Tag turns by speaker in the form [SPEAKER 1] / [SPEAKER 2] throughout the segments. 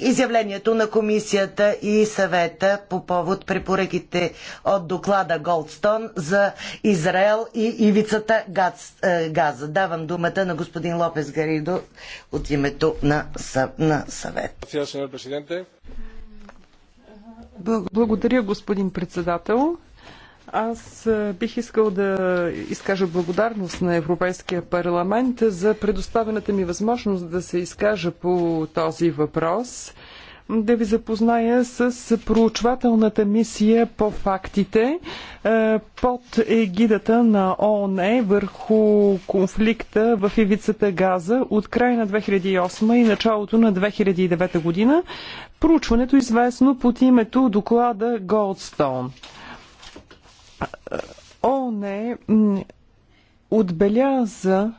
[SPEAKER 1] изявлението на комисията и съвета по повод препоръките от доклада Голдстон за Израел и ивицата Газ, Газа. Давам думата на господин Лопес Гаридо от името на, на
[SPEAKER 2] съвет. Благодаря, господин председател. Аз е, бих искал да изкажа благодарност на Европейския парламент за предоставената ми възможност да се изкажа по този въпрос, да ви запозная с проучвателната мисия по фактите е, под егидата на ООН върху конфликта в ивицата Газа от края на 2008 и началото на 2009 година. Проучването е известно под името доклада Голдстоун. ООН е, отбеляза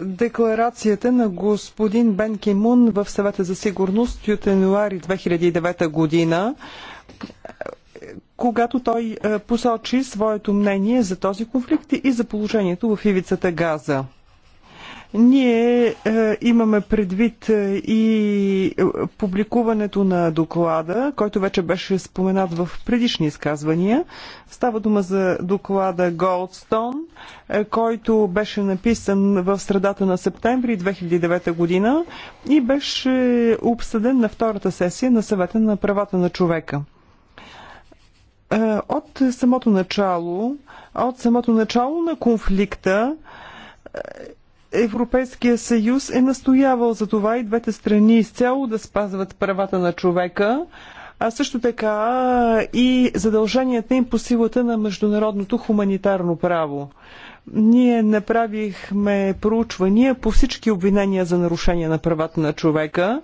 [SPEAKER 2] декларацията на господин Бен Кимун в съвета за сигурност от януари 2009 година, когато той е, посочи своето мнение за този конфликт и за положението в ивицата Газа. Ние е, имаме предвид е, и е, публикуването на доклада, който вече беше споменат в предишни изказвания. Става дума за доклада Голдстон, е, който беше написан в средата на септември 2009 година и беше обсъден на втората сесия на съвета на правата на човека. Е, от самото начало, от самото начало на конфликта Европейския съюз е настоявал за това и двете страни изцяло да спазват правата на човека, а също така и задълженията им по силата на международното хуманитарно право. Ние направихме проучвания по всички обвинения за нарушение на правата на човека.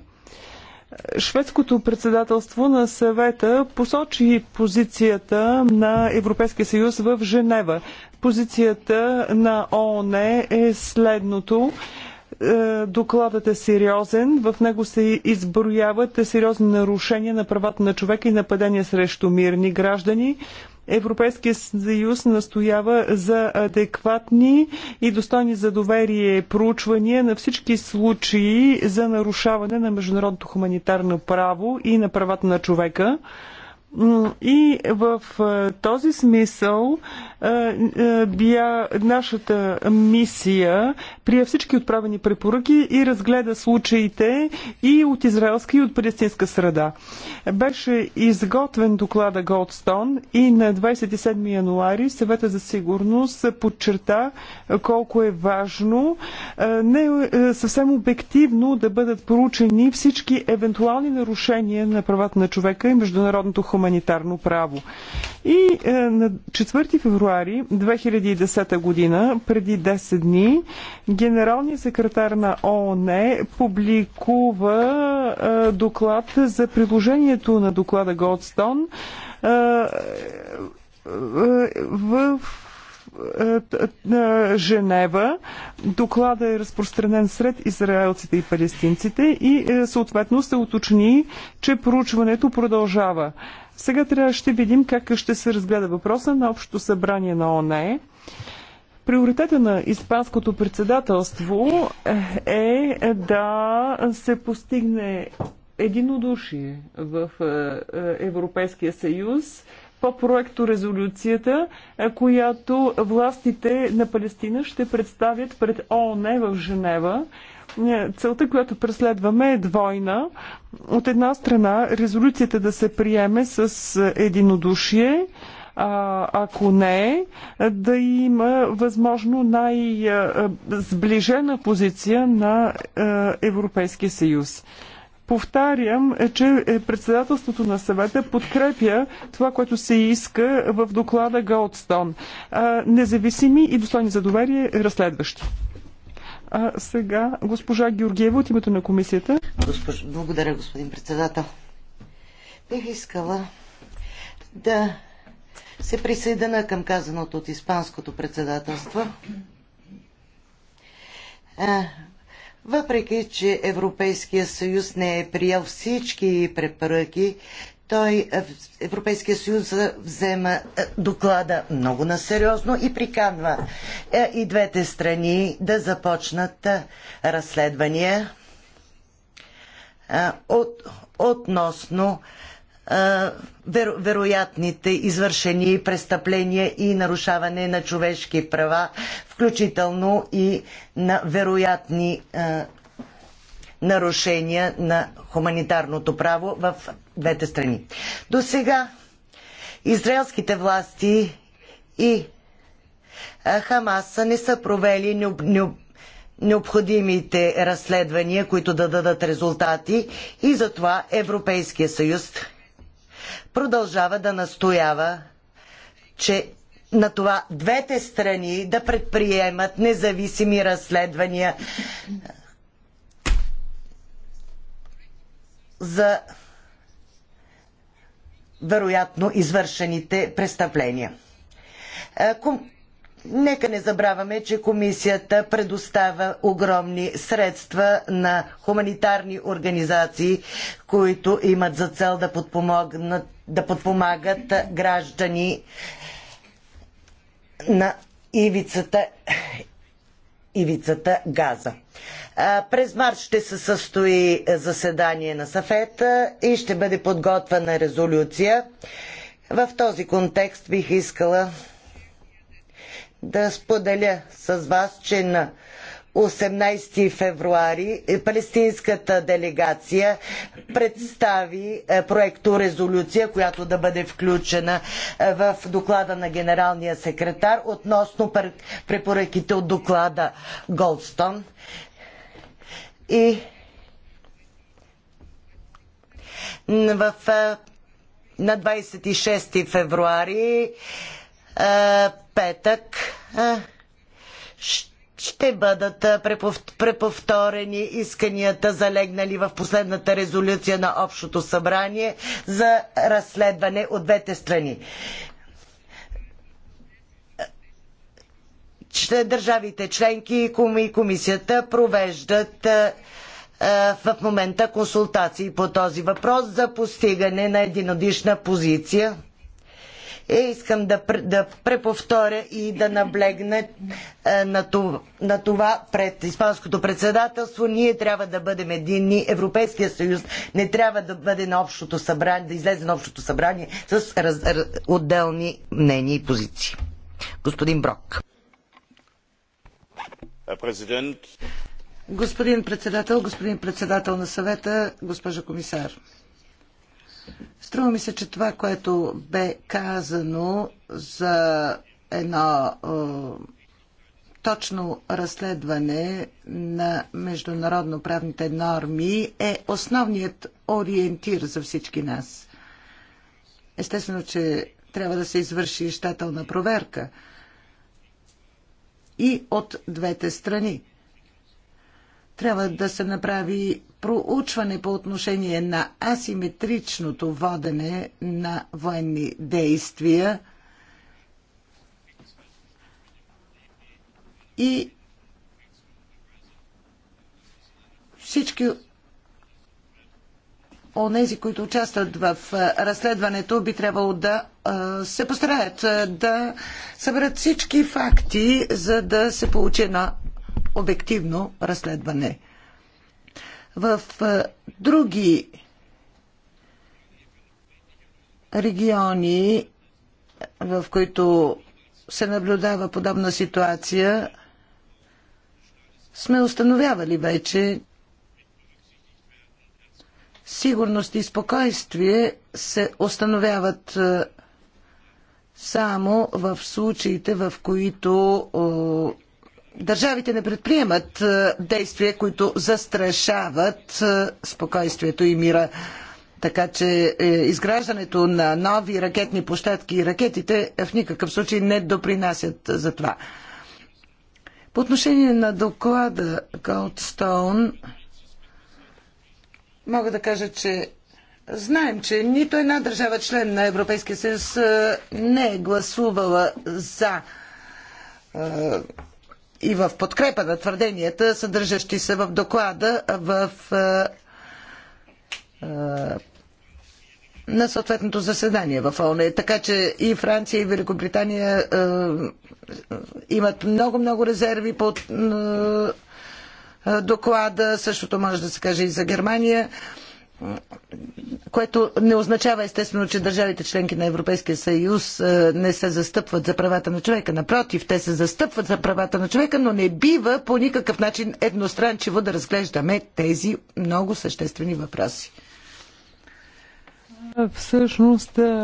[SPEAKER 2] Шведското председателство на съвета посочи позицията на Европейския съюз в Женева. Позицията на ООН е следното. Е, докладът е сериозен. В него се изброяват сериозни нарушения на правата на човека и нападения срещу мирни граждани. Европейския съюз настоява за адекватни и достойни за доверие проучвания на всички случаи за нарушаване на международното хуманитарно право и на правата на човека. И в този смисъл бия нашата мисия прие всички отправени препоръки и разгледа случаите и от израелска и от палестинска среда. Беше изготвен доклада Голдстон и на 27 януари съвета за сигурност подчерта колко е важно не съвсем обективно да бъдат проучени всички евентуални нарушения на правата на човека и международното хуманитарно хуманитарно право. И е, на 4 февруари 2010 година, преди 10 дни, генералният секретар на ООН публикува е, доклад за приложението на доклада Голдстон е, е, е, в е, е, Женева. Доклада е разпространен сред израелците и палестинците и е, съответно се уточни, че проучването продължава. Сега трябва ще видим как ще се разгледа въпроса на Общото събрание на ОНЕ. Приоритета на Испанското председателство е да се постигне единодушие в Европейския съюз по проекто резолюцията, която властите на Палестина ще представят пред ООН в Женева. Е, целта, която преследваме е двойна. От една страна, резолюцията да се приеме с единодушие, а, ако не, да има възможно най-сближена позиция на Европейския съюз. Повтарям, е, че е, председателството на съвета подкрепя това, което се иска в доклада Голдстон. Независими и достойни за доверие разследващи. А сега госпожа Георгиева от името на комисията. Госпож... Благодаря, господин председател.
[SPEAKER 1] Бих искала да се присъедина към казаното от Испанското председателство. Въпреки, че Европейския съюз не е приел всички препоръки, той, е, Европейския съюз взема е, доклада много насериозно и приканва е, и двете страни да започнат разследвания от, относно веро, вероятните извършени престъпления и нарушаване на човешки права, включително и на вероятни а, нарушения на хуманитарното право в двете страни. До сега израелските власти и Хамаса не са провели необ, необ, необходимите разследвания, които да дадат резултати и затова Европейския съюз продължава да настоява, че на това двете страни да предприемат независими разследвания за вероятно извършените престъпления. Е, Нека не забравяме, че комисията предоставя огромни средства на хуманитарни организации, които имат за цел да, подпомогнат, да подпомагат граждани на ивицата, ивицата Газа. През март ще се състои заседание на Сафета и ще бъде подготвена резолюция. В този контекст бих искала да споделя с вас, че на 18 февруари палестинската делегация представи е, проекторезолюция, която да бъде включена е, в доклада на генералния секретар относно препоръките от доклада Голдстон. И в, е, на 26 февруари петък ще бъдат преповторени исканията, залегнали в последната резолюция на Общото събрание за разследване от двете страни. Държавите членки и комисията провеждат в момента консултации по този въпрос за постигане на единодишна позиция е, искам да, да преповторя и да наблегне е, на, това, на това пред Испанското председателство. Ние трябва да бъдем единни. Европейския съюз не трябва да бъде на общото събрание, да излезе на общото събрание с раз, раз, отделни мнения и позиции. Господин Брок. Господин председател, господин председател на съвета, госпожо комисар. Струва ми се, че това, което бе казано за едно е, точно разследване на международно-правните норми е основният ориентир за всички нас. Естествено, че трябва да се извърши щателна проверка и от двете страни. Трябва да се направи проучване по отношение на асиметричното водене на военни действия и всички онези, които участват в разследването, би трябвало да се постараят да съберат всички факти, за да се получи едно обективно разследване. В други региони, в които се наблюдава подобна ситуация, сме установявали вече сигурност и спокойствие се установяват само в случаите, в които държавите не предприемат е, действия, които застрашават е, спокойствието и мира. Така че е, изграждането на нови ракетни площадки и ракетите в никакъв случай не допринасят за това. По отношение на доклада Голдстоун, мога да кажа, че знаем, че нито една държава член на Европейския съюз не е гласувала за и в подкрепа на твърденията, съдържащи се в доклада в, е, е, на съответното заседание в ООН. Така че и Франция, и Великобритания е, имат много-много резерви под доклада. Същото може да се каже и за Германия което не означава естествено, че държавите членки на Европейския съюз е, не се застъпват за правата на човека. Напротив, те се застъпват за правата на човека, но не бива по никакъв начин едностранчиво да разглеждаме тези
[SPEAKER 2] много съществени въпроси. Всъщност е,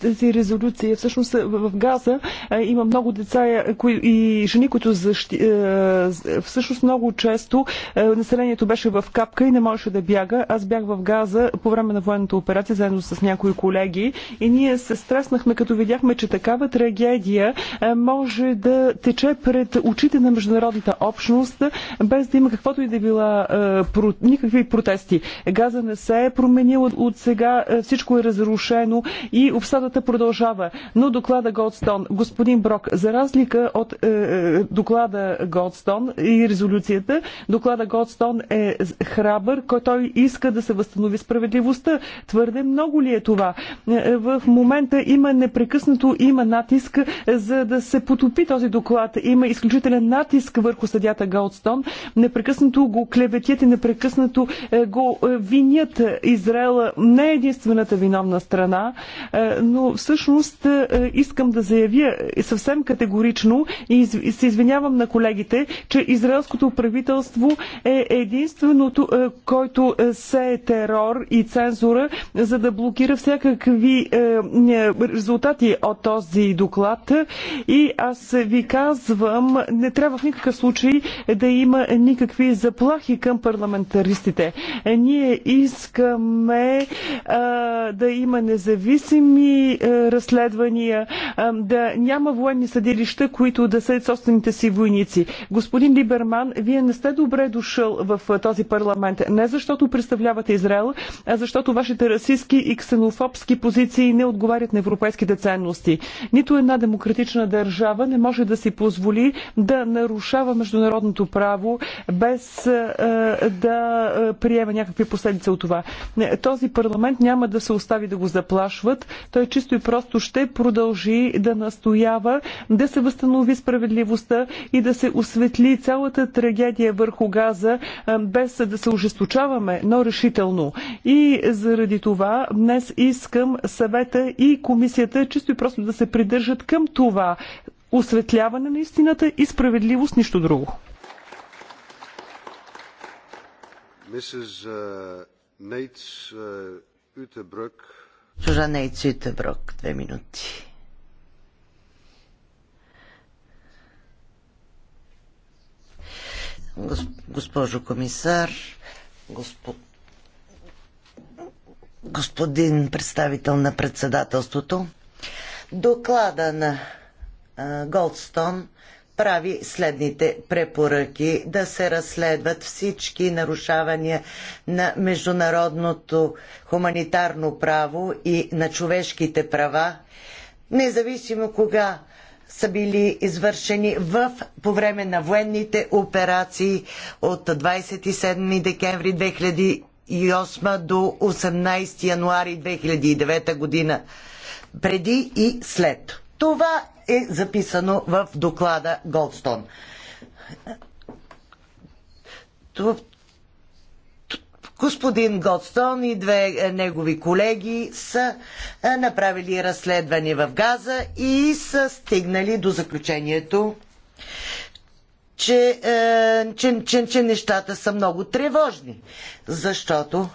[SPEAKER 2] тази резолюция, всъщност в Газа има много деца е, и жени, които защи... Е, всъщност много често населението беше в капка и не можеше да бяга. Аз бях в Газа по време на военната операция заедно с някои колеги и ние се стреснахме, като видяхме, че такава трагедия може да тече пред очите на международната общност, без да има каквото и да била никакви протести. Газа не се е Променил от сега, е, всичко е разрушено и обсадата продължава. Но доклада Голдстон, господин Брок, за разлика от е, е доклада Голдстон и резолюцията, доклада Голдстон е храбър, който иска да се възстанови справедливостта. Твърде много ли е това? Е, в момента има непрекъснато има натиск за да се потопи този доклад. Има изключителен натиск върху съдята Голдстон. Непрекъснато го клеветят и непрекъснато го винят Израел не е единствената виновна страна, е, но всъщност е, искам да заявя е, съвсем категорично и се извинявам на колегите, че израелското правителство е единственото, който се е терор и цензура, за да блокира всякакви резултати от този доклад. И аз ви казвам, не трябва в никакъв случай да има никакви заплахи към парламентаристите. Ние искам искаме а, да има независими а, разследвания, а, да няма военни съдилища, които да са собствените си войници. Господин Либерман, вие не сте добре дошъл в този парламент. Не защото представлявате Израел, а защото вашите расистски и ксенофобски позиции не отговарят на европейските ценности. Нито една демократична държава не може да си позволи да нарушава международното право без да приема някакви последици от това. Този парламент няма да се остави да го заплашват. Той чисто и просто ще продължи да настоява да се възстанови справедливостта и да се осветли цялата трагедия върху газа, без да се ожесточаваме, но решително. И заради това днес искам съвета и комисията чисто и просто да се придържат към това осветляване на истината и справедливост, нищо друго.
[SPEAKER 1] Нейтс Ютебрък. Eh, Жужа Нейтс Ютебрък, две минути. Госпожо комисар, господ... господин представител на председателството, доклада на Голдстон прави следните препоръки да се разследват всички нарушавания на международното хуманитарно право и на човешките права, независимо кога са били извършени в, по време на военните операции от 27 декември 2008 до 18 януари 2009 година, преди и след. Това е записано в доклада Голдстон. Господин Годстон и две е, негови колеги са е, направили разследване в Газа и са стигнали до заключението, че, е, че, че, че нещата са много тревожни, защото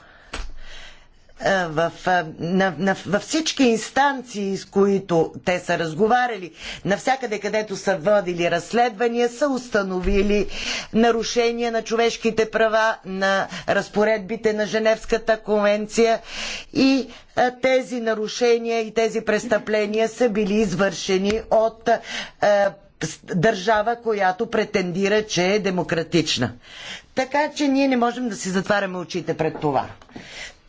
[SPEAKER 1] е, в, е, на, на, във всички инстанции, с които те са разговаряли, навсякъде където са водили разследвания, са установили нарушения на човешките права, на разпоредбите на Женевската конвенция и е, тези нарушения и тези престъпления са били извършени от е, държава, която претендира, че е демократична. Така че ние не можем да си затваряме очите пред това.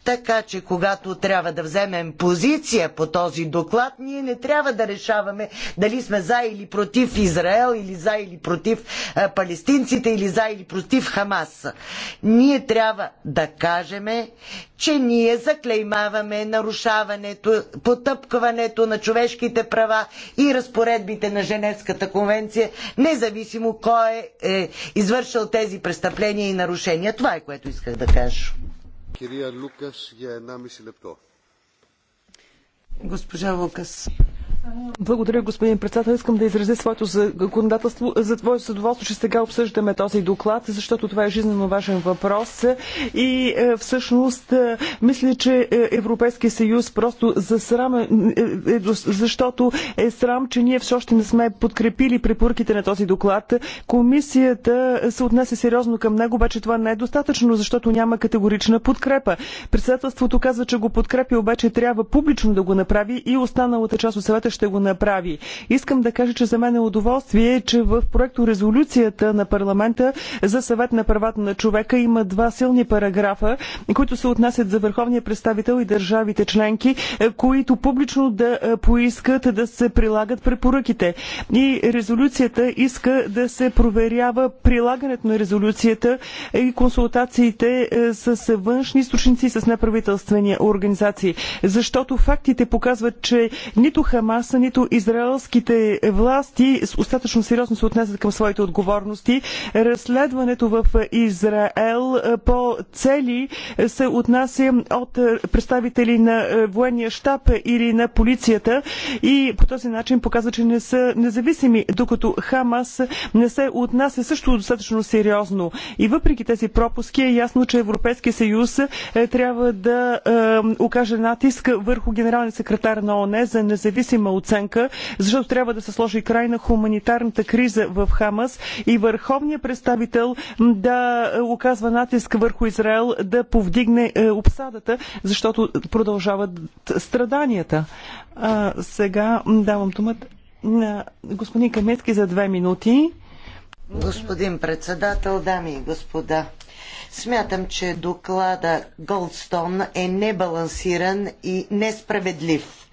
[SPEAKER 1] Така че, когато трябва да вземем позиция по този доклад, ние не трябва да решаваме дали сме за или против Израел, или за или против палестинците, или за или против Хамас. Ние трябва да кажем, че ние заклеймаваме нарушаването, потъпкването на човешките права и разпоредбите на Женевската конвенция, независимо кой е, е извършил тези престъпления и нарушения. Това е което исках да кажа. Кирия Лукас, για 1,5 лепто.
[SPEAKER 2] Госпожа Лукас. Благодаря, господин председател. Искам да изразя своето законодателство. За твое задоволство, че сега обсъждаме този доклад, защото това е жизненно важен въпрос. И е, всъщност, е, мисля, че е, Европейския съюз просто засрама, защото е срам, че ние все още не сме подкрепили препоръките на този доклад. Комисията се отнесе сериозно към него, обаче това не е достатъчно, защото няма категорична подкрепа. Председателството казва, че го подкрепи, обаче трябва публично да го направи и останалата част от съвета ще го направи. Искам да кажа, че за мен е удоволствие, че в проекто резолюцията на парламента за съвет на правата на човека има два силни параграфа, които се отнасят за върховния представител и държавите членки, е, които публично да е, поискат да се прилагат препоръките. И резолюцията иска да се проверява прилагането на резолюцията и консултациите е, с външни източници и с неправителствени организации. Защото фактите показват, че нито Хамас Хамас, нито израелските власти остатъчно сериозно се отнесат към своите отговорности. Разследването в Израел е, по цели е, се отнася от е, представители на военния щаб или на полицията и по този начин показва, че не са независими, докато Хамас не се отнася също достатъчно сериозно. И въпреки тези пропуски е ясно, че Европейския съюз трябва да окаже натиск върху генералния секретар на ОНЕ за независима оценка, защото трябва да се сложи край на хуманитарната криза в Хамас и върховният представител да е, оказва натиск върху Израел да повдигне е, обсадата, защото продължават страданията. А, сега давам думата на господин Камецки за две минути. Господин председател, дами и господа,
[SPEAKER 1] смятам, че доклада Голдстон е небалансиран и несправедлив.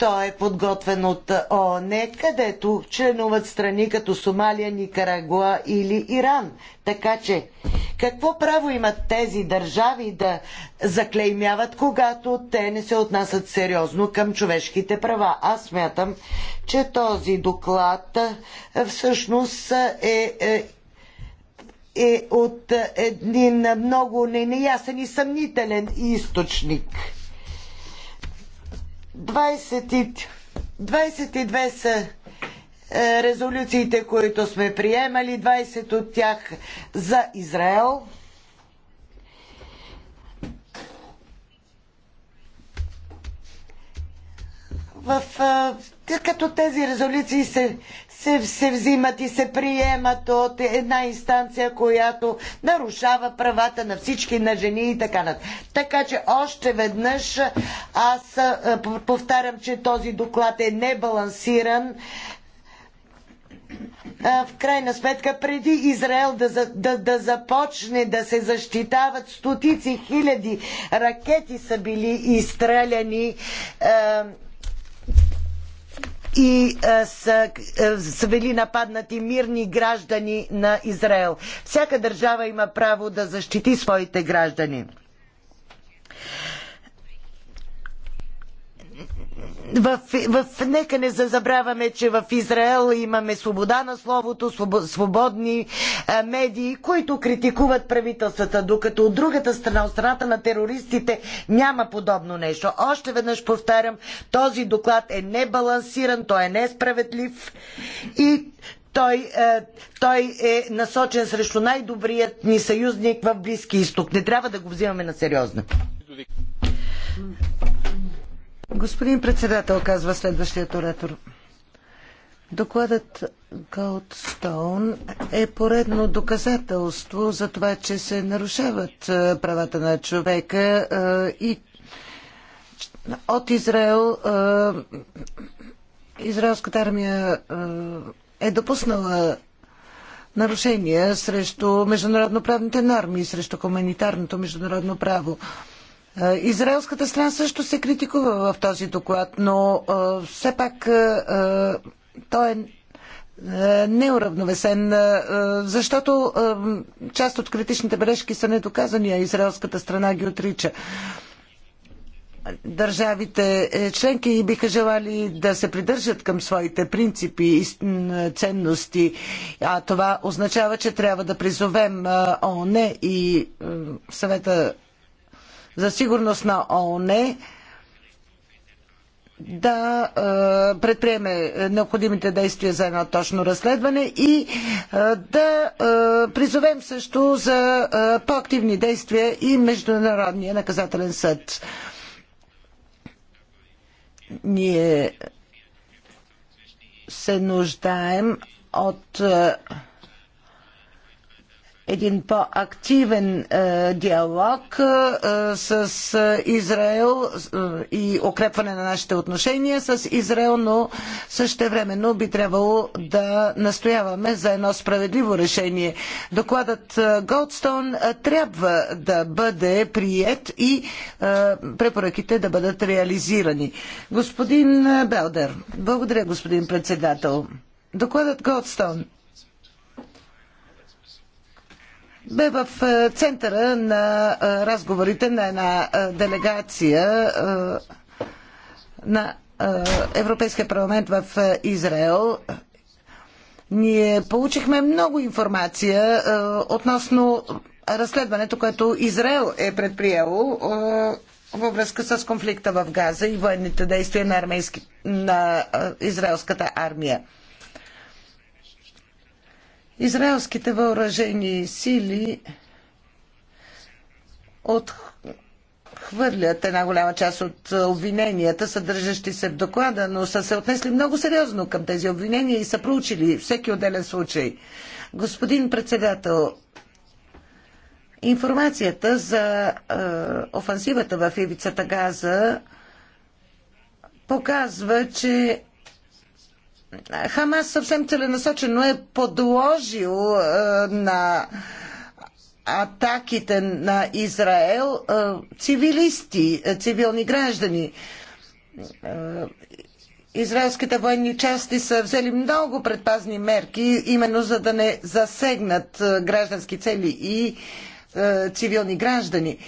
[SPEAKER 1] Той е подготвен от ООН, където членуват страни като Сомалия, Никарагуа или Иран. Така че, какво право имат тези държави да заклеймяват, когато те не се отнасят сериозно към човешките права? Аз смятам, че този доклад всъщност е, е, е е от един много неясен и съмнителен източник. 22 са е, резолюциите, които сме приемали, 20 от тях за Израел. в, е, като тези резолюции се, се, се взимат и се приемат от една инстанция, която нарушава правата на всички, на жени и така нататък. Така че още веднъж аз повтарям, че този доклад е небалансиран в крайна сметка, преди Израел да, да, да, започне да се защитават, стотици хиляди ракети са били изстреляни и е, са, е, са били нападнати мирни граждани на Израел. Всяка държава има право да защити своите граждани в, в, нека не забравяме, че в Израел имаме свобода на словото, свободни а, е, медии, които критикуват правителствата, докато от другата страна, от страната на терористите, няма подобно нещо. Още веднъж повтарям, този доклад е небалансиран, той е несправедлив и той, е, той е насочен срещу най-добрият ни съюзник в Близки изток. Не трябва да го взимаме на сериозно. Господин председател, казва следващият оратор. Докладът Голдстоун е поредно доказателство за това, че се нарушават е, правата на човека е, и от Израел е, израелската армия е допуснала нарушения срещу международноправните норми, срещу хуманитарното международно право. Е, израелската страна също се критикува в този доклад, но е, все пак е, той е неуравновесен, защото част от критичните бележки са недоказани, а израелската страна ги отрича. Държавите членки биха желали да се придържат към своите принципи и ценности, а това означава, че трябва да призовем ООН и съвета за сигурност на ООН да е, предприеме необходимите действия за едно точно разследване и е, да е, призовем също за по-активни действия и Международния наказателен съд. Ние се нуждаем от един по-активен е, диалог е, е, с Израел и укрепване на нашите отношения с Израел, но същевременно би трябвало да настояваме за едно справедливо решение. Докладът Голдстоун трябва да бъде прият и препоръките да бъдат реализирани. Господин Белдер, благодаря господин председател. Докладът Голдстоун бе в е, центъра на е, разговорите на една е, делегация на Европейския парламент в Израел. Ние получихме много информация относно разследването, което Израел е предприело във връзка с конфликта в Газа и военните действия на, армейски, на израелската армия. Израелските въоръжени сили отхвърлят една голяма част от обвиненията, съдържащи се в доклада, но са се отнесли много сериозно към тези обвинения и са проучили всеки отделен случай. Господин председател, информацията за е, офансивата в ивицата Газа показва, че Хамас съвсем целенасочено е подложил е, на атаките на Израел е, цивилисти, е, цивилни граждани. Израелските военни части са взели много предпазни мерки, именно за да не засегнат граждански цели и цивилни граждани.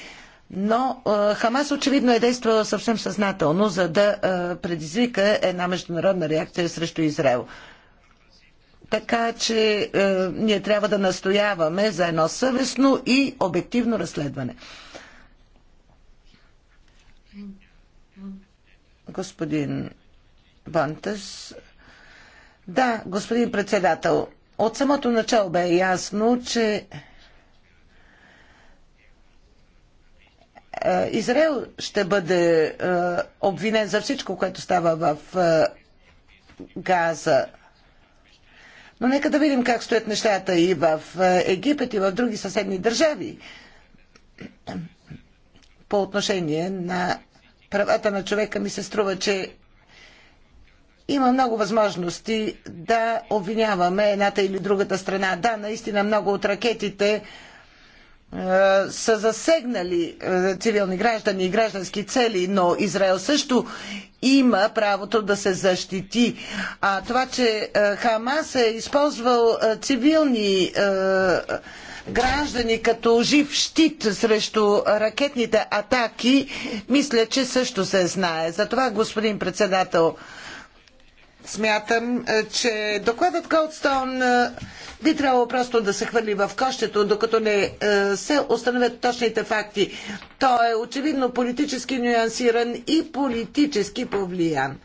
[SPEAKER 1] Но Хамас очевидно е действала съвсем съзнателно, за да предизвика една международна реакция срещу Израел. Така че ние трябва да настояваме за едно съвестно и обективно разследване. Господин Бантес. Да, господин председател, от самото начало бе ясно, че Е, Израел ще бъде е, обвинен за всичко, което става в е, Газа. Но нека да видим как стоят нещата и в Египет, и в други съседни държави по отношение на правата на човека ми се струва, че има много възможности да обвиняваме едната или другата страна. Да, наистина много от ракетите е, са засегнали е, цивилни граждани и граждански цели, но Израел също има правото да се защити. А това, че е, Хамас е използвал цивилни граждани като жив щит срещу ракетните атаки, мисля, че също се знае. Затова, господин председател, смятам, е, че докладът Голдстоун е, би трябвало просто да се хвърли в кощето, докато не е, се установят точните факти. Той е очевидно политически нюансиран и политически повлиян.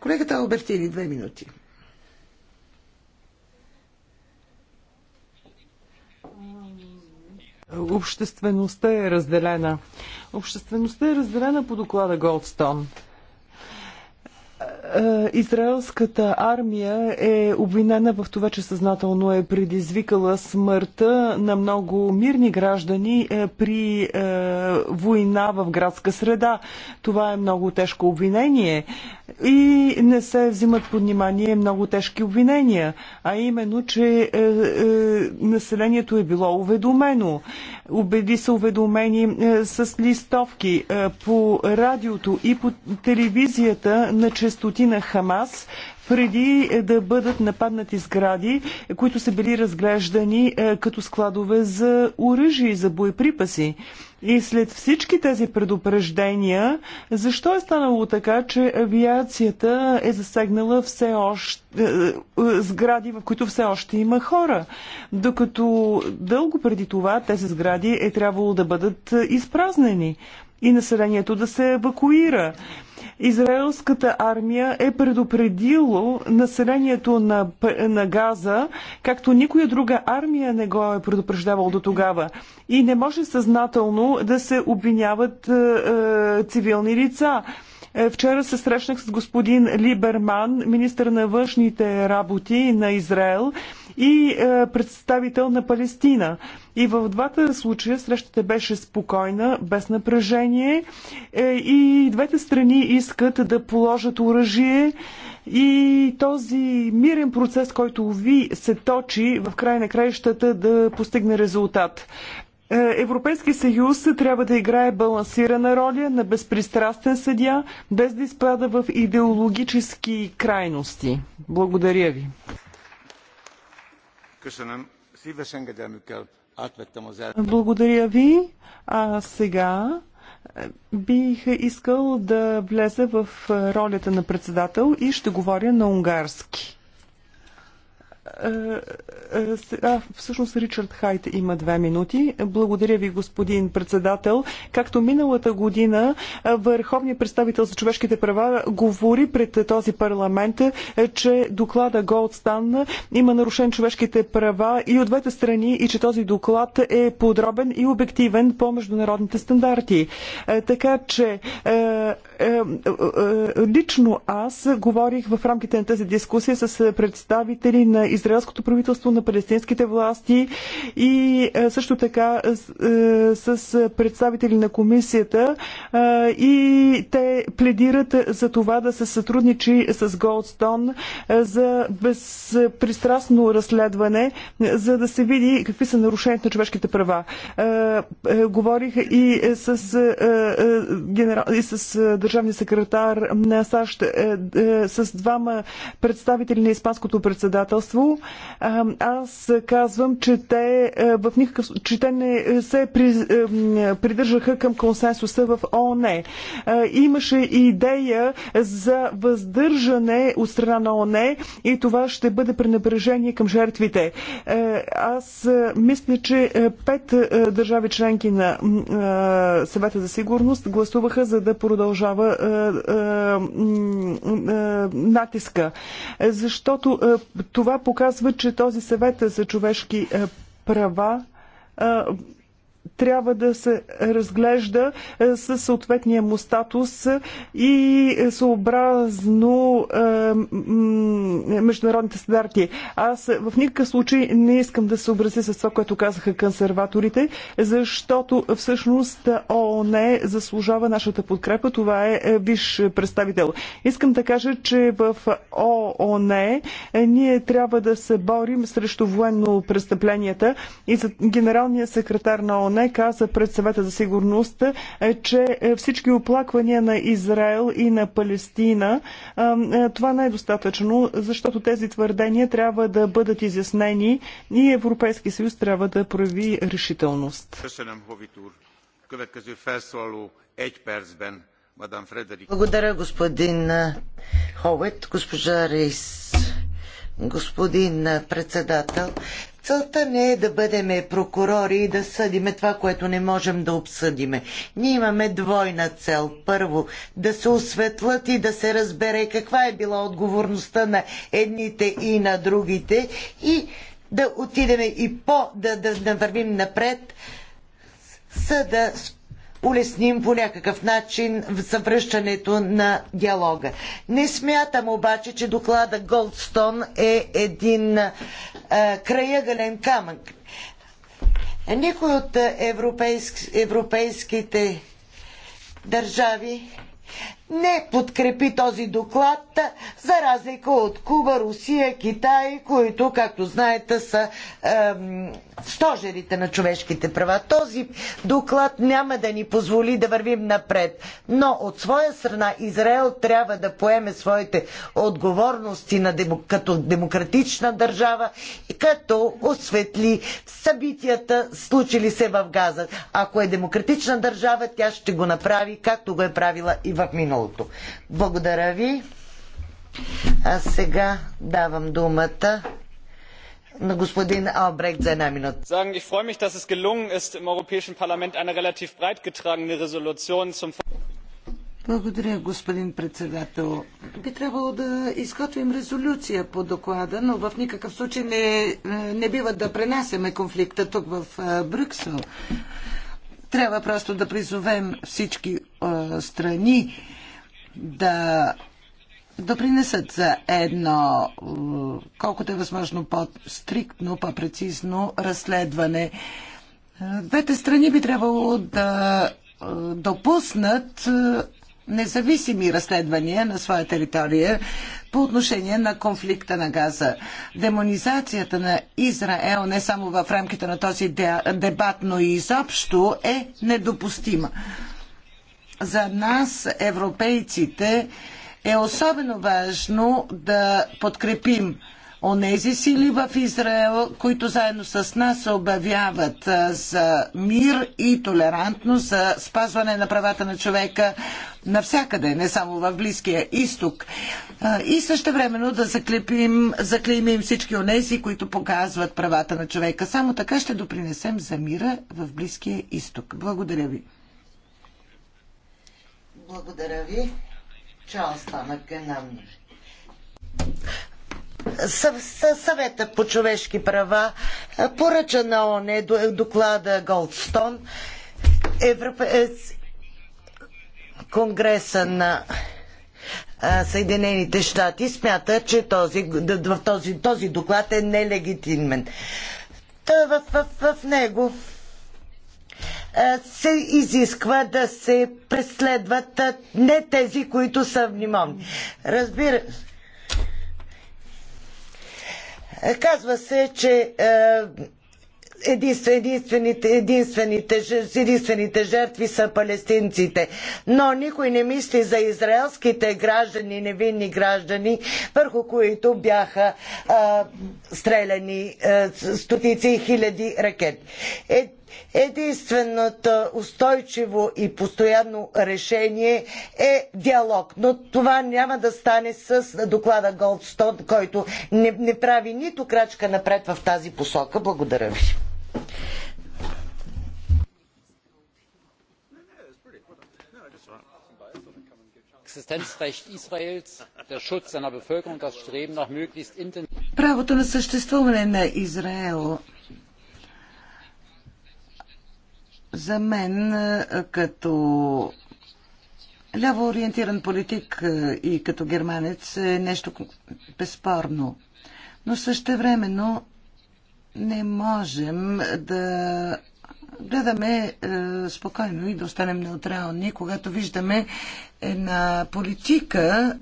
[SPEAKER 1] Колегата
[SPEAKER 2] Албертини, две минути. Обществеността е разделена. Обществеността е разделена по доклада Голдстон. Е, Израелската армия е обвинена в това, че съзнателно е предизвикала смъртта на много мирни граждани е, при е, война в градска среда. Това е много тежко обвинение и не се взимат под внимание много тежки обвинения, а именно, че населението е било уведомено. Обеди са уведомени с листовки по радиото и по телевизията на честоти почти на Хамас, преди е, да бъдат нападнати сгради, които са били разглеждани е, като складове за оръжие и за боеприпаси. И след всички тези предупреждения, защо е станало така, че авиацията е засегнала все още е, сгради, в които все още има хора? Докато дълго преди това тези сгради е трябвало да бъдат изпразнени и населението да се евакуира. Израелската армия е предупредило населението на, на Газа, както никоя друга армия не го е предупреждавал до тогава. И не може съзнателно да се обвиняват е, е, цивилни лица. Е, вчера се срещнах с господин Либерман, министър на външните работи на Израел, и е, представител на Палестина. И в двата случая срещата беше спокойна, без напрежение е, и двете страни искат да положат оръжие и този мирен процес, който ви се точи в край на краищата да постигне резултат. Е, Европейски съюз трябва да играе балансирана роля на безпристрастен съдя, без да изпада в идеологически крайности. Благодаря ви. Благодаря ви. А сега е, бих искал да влезе в ролята на председател и ще говоря на унгарски. Е, е, а, всъщност Ричард Хайт има две минути. Благодаря ви, господин председател. Както миналата година, е, върховният представител за човешките права говори пред този парламент, че доклада Голдстан има нарушен човешките права и от двете страни и че този доклад е подробен и обективен по международните стандарти. Така че е, е, е, лично аз говорих в рамките на тази дискусия с представители на израелското правителство, на палестинските власти и също така с представители на комисията и те пледират за това да се сътрудничи с Голдстон за безпристрастно разследване, за да се види какви са нарушенията на човешките права. Говорих и с, генерал, и с държавния секретар на САЩ е, е, с двама представители на Испанското председателство. Аз казвам, че те, е, в никакъв, че те не се придържаха към консенсуса в ООН. Имаше идея за въздържане от страна на ООН и това ще бъде пренебрежение към жертвите. Аз мисля, че пет държави членки на Съвета за сигурност гласуваха за да продължава тогава е, е, е, натиска. Защото това показва, че този съвет за човешки права трябва да се разглежда е, със съответния му статус и съобразно е, международните стандарти. Аз в никакъв случай не искам да се образи с това, което казаха консерваторите, защото всъщност ООН заслужава нашата подкрепа. Това е, е виш представител. Искам да кажа, че в ООН ние трябва да се борим срещу военно престъпленията и за генералния секретар на ООН каза пред съвета за сигурност, е, че е, всички оплаквания на Израел и на Палестина, е, това не е достатъчно, защото тези твърдения трябва да бъдат изяснени и Европейски съюз трябва да прояви решителност.
[SPEAKER 1] Благодаря, господин Ховет. Госпожа Рейс господин председател. Целта не е да бъдем прокурори и да съдиме това, което не можем да обсъдиме. Ние имаме двойна цел. Първо, да се осветлят и да се разбере каква е била отговорността на едните и на другите и да отидем и по, да, да навървим напред, съда да улесним по някакъв начин завръщането на диалога. Не смятам обаче, че доклада Голдстон е един е, краягален камък. Никой от европейск, европейските държави не подкрепи този доклад, за разлика от Куба, Русия, Китай, които, както знаете, са ем, стожерите на човешките права. Този доклад няма да ни позволи да вървим напред, но от своя страна Израел трябва да поеме своите отговорности на като демократична държава и като осветли събитията, случили се в Газа. Ако е демократична държава, тя ще го направи, както го е правила и в миналото миналото. Благодаря ви. А сега давам думата на господин Албрехт за една минута.
[SPEAKER 2] Sagen, ich freue mich, dass es gelungen ist, im Europäischen Parlament eine relativ breit getragene Resolution zum
[SPEAKER 1] благодаря, господин председател. Би трябвало да изготвим резолюция по доклада, но в никакъв случай не, не бива да пренасяме конфликта тук в Брюксел. Трябва просто да призовем всички а, страни да допринесат за едно е, колкото е възможно по-стриктно, по-прецизно разследване. Е, двете страни би трябвало да е, допуснат независими разследвания на своя територия по отношение на конфликта на газа. Демонизацията на Израел не само в рамките на този дебат, но и изобщо е недопустима за нас, европейците, е особено важно да подкрепим онези сили в Израел, които заедно с нас се обявяват за мир и толерантност, за спазване на правата на човека навсякъде, не само в Близкия изток. И също времено да заклепим, заклеймим всички онези, които показват правата на човека. Само така ще допринесем за мира в Близкия изток. Благодаря ви. Благодаря ви. Чао, стана Кенан. Съвета по човешки права е, поръча на ОНЕ доклада Голдстон Европе... Конгреса на е, Съединените щати смята, че този, този, този доклад е нелегитимен. Та в, в, в него е, се изисква да се преследват е, не тези, които са внимавни. Разбира се. Е, казва се, че единствените, единствените, единствените жертви са палестинците. Но никой не мисли за израелските граждани, невинни граждани, върху които бяха а, стреляни а, стотици и хиляди ракети. Е, единственото устойчиво и постоянно решение е диалог. Но това няма да стане с доклада Голдстон, който не, не прави нито крачка напред в тази посока. Благодаря ви. Правото на съществуване на Израел За мен като ляво ориентиран политик и като германец е нещо безспорно. Но също времено не можем да гледаме е, спокойно и да останем неутрални, когато виждаме една политика,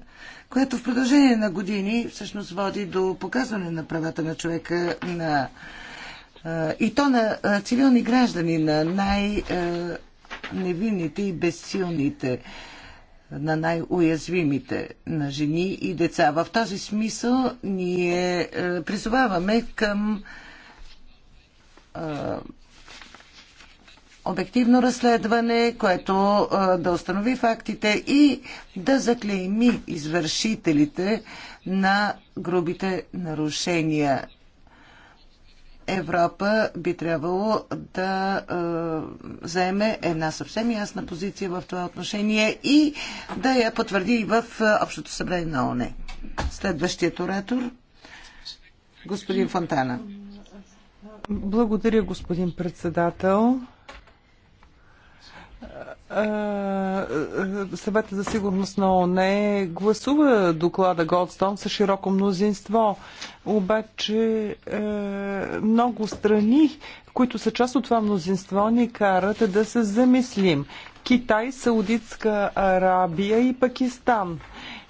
[SPEAKER 1] която в продължение на години всъщност води до показване на правата на човека, на и то на цивилни граждани, на най-невинните и безсилните, на най-уязвимите, на жени и деца. В този смисъл ние призоваваме към обективно разследване, което да установи фактите и да заклейми извършителите на грубите нарушения Европа би трябвало да е, заеме една съвсем ясна позиция в това отношение и да я потвърди и в е, Общото събрание на ОНЕ. Следващият оратор, господин Фонтана. Благодаря,
[SPEAKER 2] господин председател съвета за сигурност на Оне гласува доклада Голдстон с широко мнозинство. Обаче много страни, които са част от това мнозинство, ни карат да се замислим. Китай, Саудитска Арабия и Пакистан.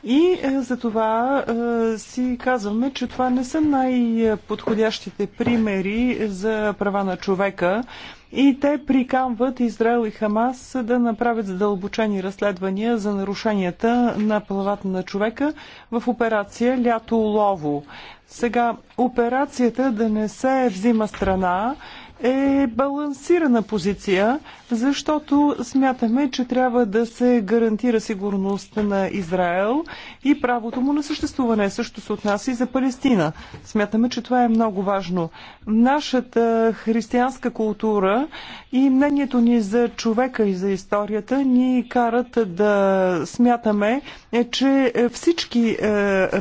[SPEAKER 2] И е, за това е, си казваме, че това не са най-подходящите примери за права на човека и те прикамват Израел и Хамас да направят задълбочени разследвания за нарушенията на правата на човека в операция Лято Лово. Сега, операцията да не се взима страна, е балансирана позиция, защото смятаме, че трябва да се гарантира сигурност на Израел и правото му на съществуване. Също се отнася и за Палестина. Смятаме, че това е много важно. Нашата християнска култура и мнението ни за човека и за историята ни карат да смятаме, е, че всички е,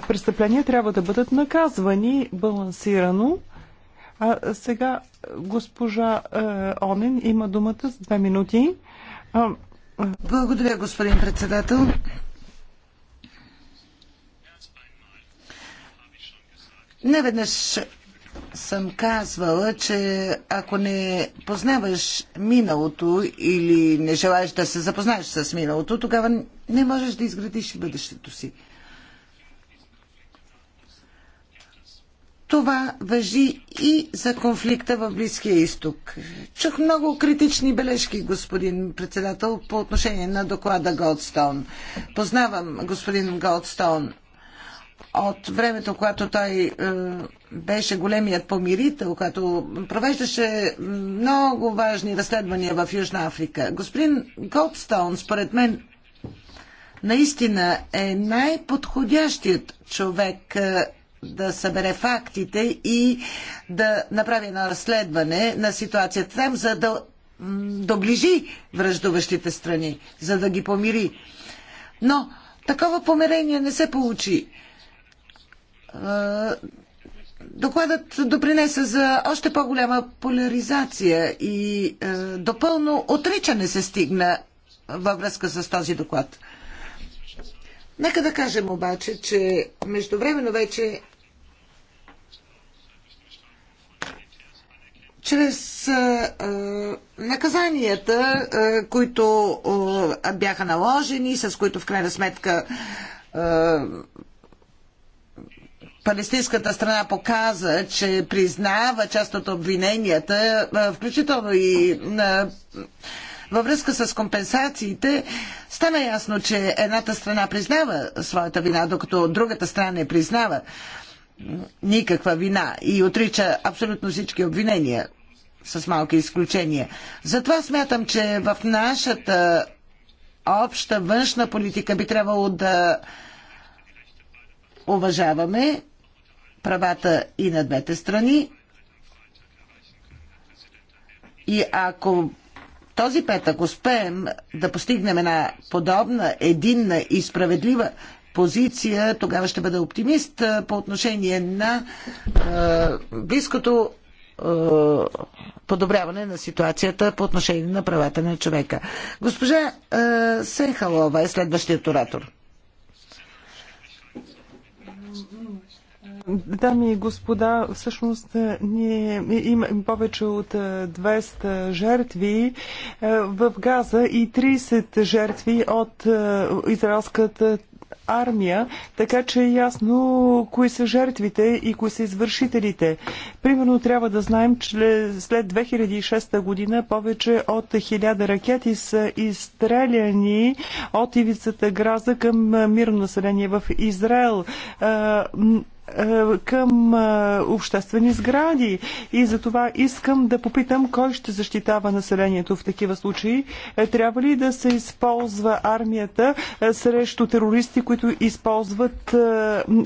[SPEAKER 2] престъпления трябва да бъдат наказвани балансирано. А сега госпожа е, Онен има думата с две минути. Благодаря, господин председател.
[SPEAKER 1] Неведнъж съм казвала, че ако не познаваш миналото или не желаеш да се запознаеш с миналото, тогава не можеш да изградиш бъдещето си. Това въжи и за конфликта в Близкия изток. Чух много критични бележки, господин председател, по отношение на доклада Голдстоун. Познавам господин Голдстоун от времето, когато той е, беше големият помирител, когато провеждаше много важни разследвания в Южна Африка. Господин Голдстоун, според мен, наистина е най-подходящият човек е, да събере фактите и да направи едно разследване на ситуацията там, за да доближи връждуващите страни, за да ги помири. Но такова помирение не се получи. Докладът допринесе за още по-голяма поляризация и е, допълно отричане се стигна във връзка с този доклад. Нека да кажем обаче, че междувременно вече чрез а, наказанията, а, които а, бяха наложени, с които в крайна сметка а, палестинската страна показа, че признава част от обвиненията, а, включително и на, във връзка с компенсациите, стана ясно, че едната страна признава своята вина, докато другата страна не признава. А, никаква вина и отрича абсолютно всички обвинения, с малки изключения. Затова смятам, че в нашата обща външна политика би трябвало да уважаваме правата и на двете страни. И ако този петък успеем да постигнем една подобна, единна и справедлива позиция, тогава ще бъда оптимист по отношение на близкото подобряване на ситуацията по отношение на правата на човека. Госпожа Сенхалова е следващият оратор.
[SPEAKER 2] Дами и господа, всъщност е, ние имаме повече от 200 е, жертви е, в Газа и 30 жертви от израелската армия, така че е ясно кои са жертвите и кои са извършителите. Примерно трябва да знаем, че след 2006 година повече от 1000 ракети са изстреляни от ивицата Граза към мирно население в Израел. Е, към е, обществени сгради. И за това искам да попитам кой ще защитава населението в такива случаи. Е, трябва ли да се използва армията срещу терористи, които използват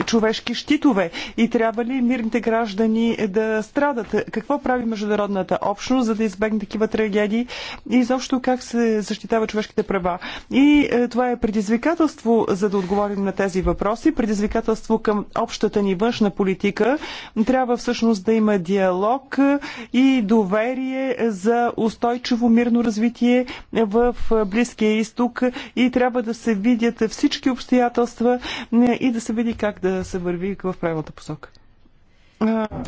[SPEAKER 2] човешки щитове? И трябва ли мирните граждани да страдат? Какво прави международната общност, за да избегне такива трагедии? И изобщо как се защитава човешките права? И това е предизвикателство, за да отговорим на тези въпроси, предизвикателство към общата ни ни външна политика, трябва всъщност да има диалог е, и доверие за устойчиво мирно развитие в е, Близкия изток и трябва да се видят всички обстоятелства е, и да се види как да се върви в правилната посока.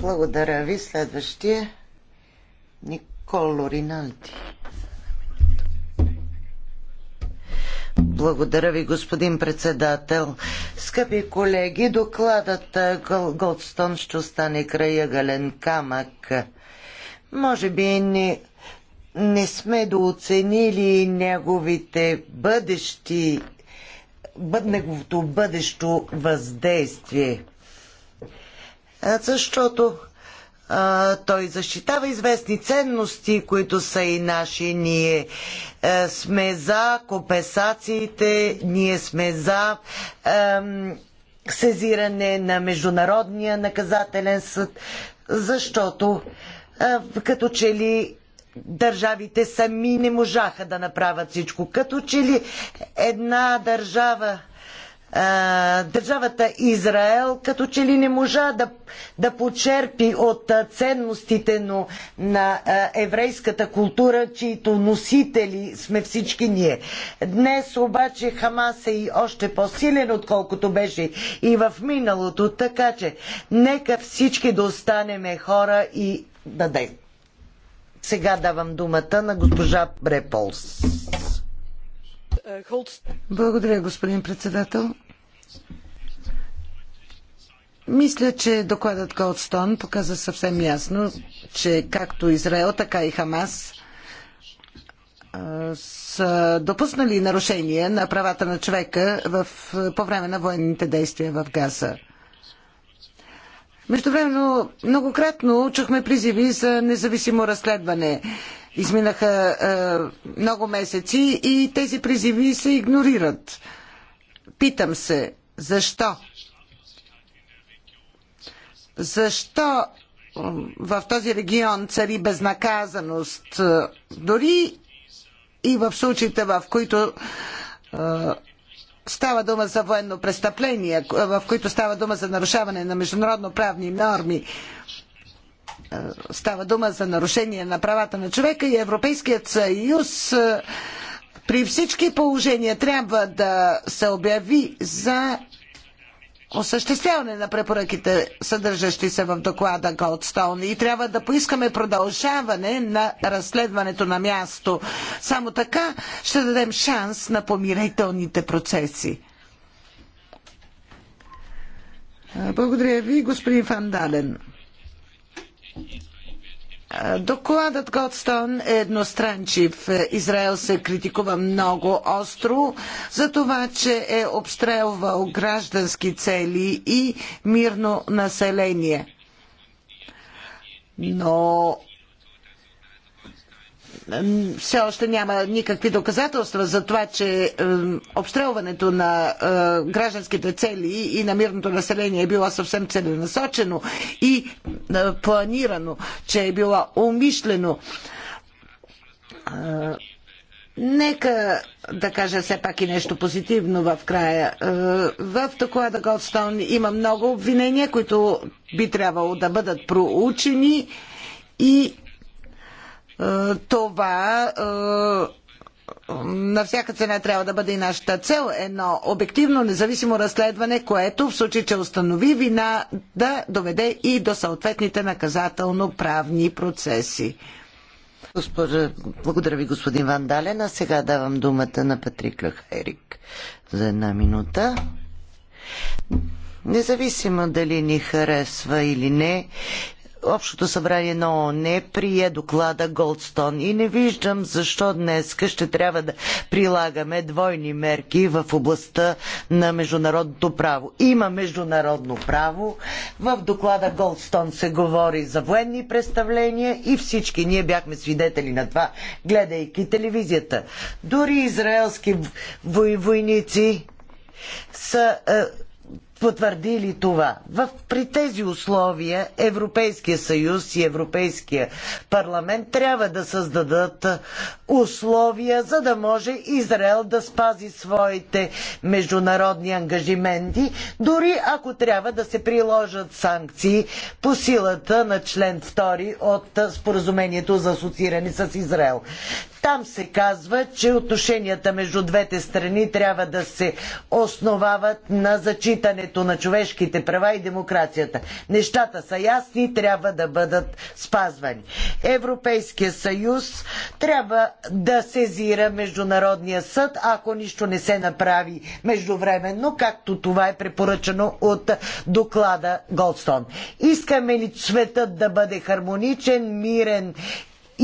[SPEAKER 1] Благодаря ви. Следващия Николо Риналти. Благодаря ви, господин председател. Скъпи колеги, докладът Голдстон ще остане края гален камък. Може би не, не сме дооценили неговите бъдещи, бъд, неговото бъдещо въздействие. Защото той защитава известни ценности, които са и наши. Ние е, сме за компенсациите, ние сме за сезиране на Международния наказателен съд, защото е, като че ли държавите сами не можаха да направят всичко. Като че ли една държава държавата Израел като че ли не можа да, да почерпи от ценностите но, на еврейската култура, чието носители сме всички ние. Днес обаче Хамас е и още по-силен, отколкото беше и в миналото, така че нека всички да останеме хора и да дай. Сега давам думата на госпожа Бреполс. Благодаря, господин председател. Мисля, че докладът Голдстон показа съвсем ясно, че както Израел, така и Хамас са допуснали нарушения на правата на човека в, по време на военните действия в Газа. Междувременно многократно чухме призиви за независимо разследване. Изминаха е, много месеци и тези призиви се игнорират. Питам се, защо? Защо в този регион цари безнаказаност, е, дори и в случаите, в които е, става дума за военно престъпление, в които става дума за нарушаване на международно правни норми. Е, става дума за нарушение на правата на човека и Европейският съюз е, при всички положения трябва да се обяви за осъществяване на препоръките, съдържащи се в доклада Голдстоун и трябва да поискаме продължаване на разследването на място. Само така ще дадем шанс на помирителните процеси. Е, благодаря ви, господин Фандален. Докладът Годстон е едностранчив. Израел се критикува много остро за това, че е обстрелвал граждански цели и мирно население. Но все още няма никакви доказателства за това, че обстрелването на е, гражданските цели и на мирното население е било съвсем целенасочено и е, планирано, че е било умишлено. Е, нека да кажа все пак и нещо позитивно в края. В доклада Голдстоун има много обвинения, които би трябвало да бъдат проучени и е, това е, на всяка цена трябва да бъде и нашата цел. Едно обективно, независимо разследване, което в случай, че установи вина, да доведе и до съответните наказателно-правни процеси. Госпожа, благодаря ви, господин Вандален. А сега давам думата на Патрик Лехерик за една минута. Независимо дали ни харесва или не, Общото събрание на ООН прие доклада Голдстон и не виждам защо днес ще трябва да прилагаме двойни мерки в областта на международното право. Има международно право. В доклада Голдстон се говори за военни представления и всички ние бяхме свидетели на това, гледайки телевизията. Дори израелски войници са е, потвърдили това. В, при тези условия Европейския съюз и Европейския парламент трябва да създадат условия, за да може Израел да спази своите международни ангажименти, дори ако трябва да се приложат санкции по силата на член 2 от споразумението за асоцииране с Израел. Там се казва, че отношенията между двете страни трябва да се основават на зачитането на човешките права и демокрацията. Нещата са ясни, трябва да бъдат спазвани. Европейския съюз трябва да сезира Международния съд, ако нищо не се направи междувременно, както това е препоръчано от доклада Голдстон. Искаме ли светът да бъде хармоничен, мирен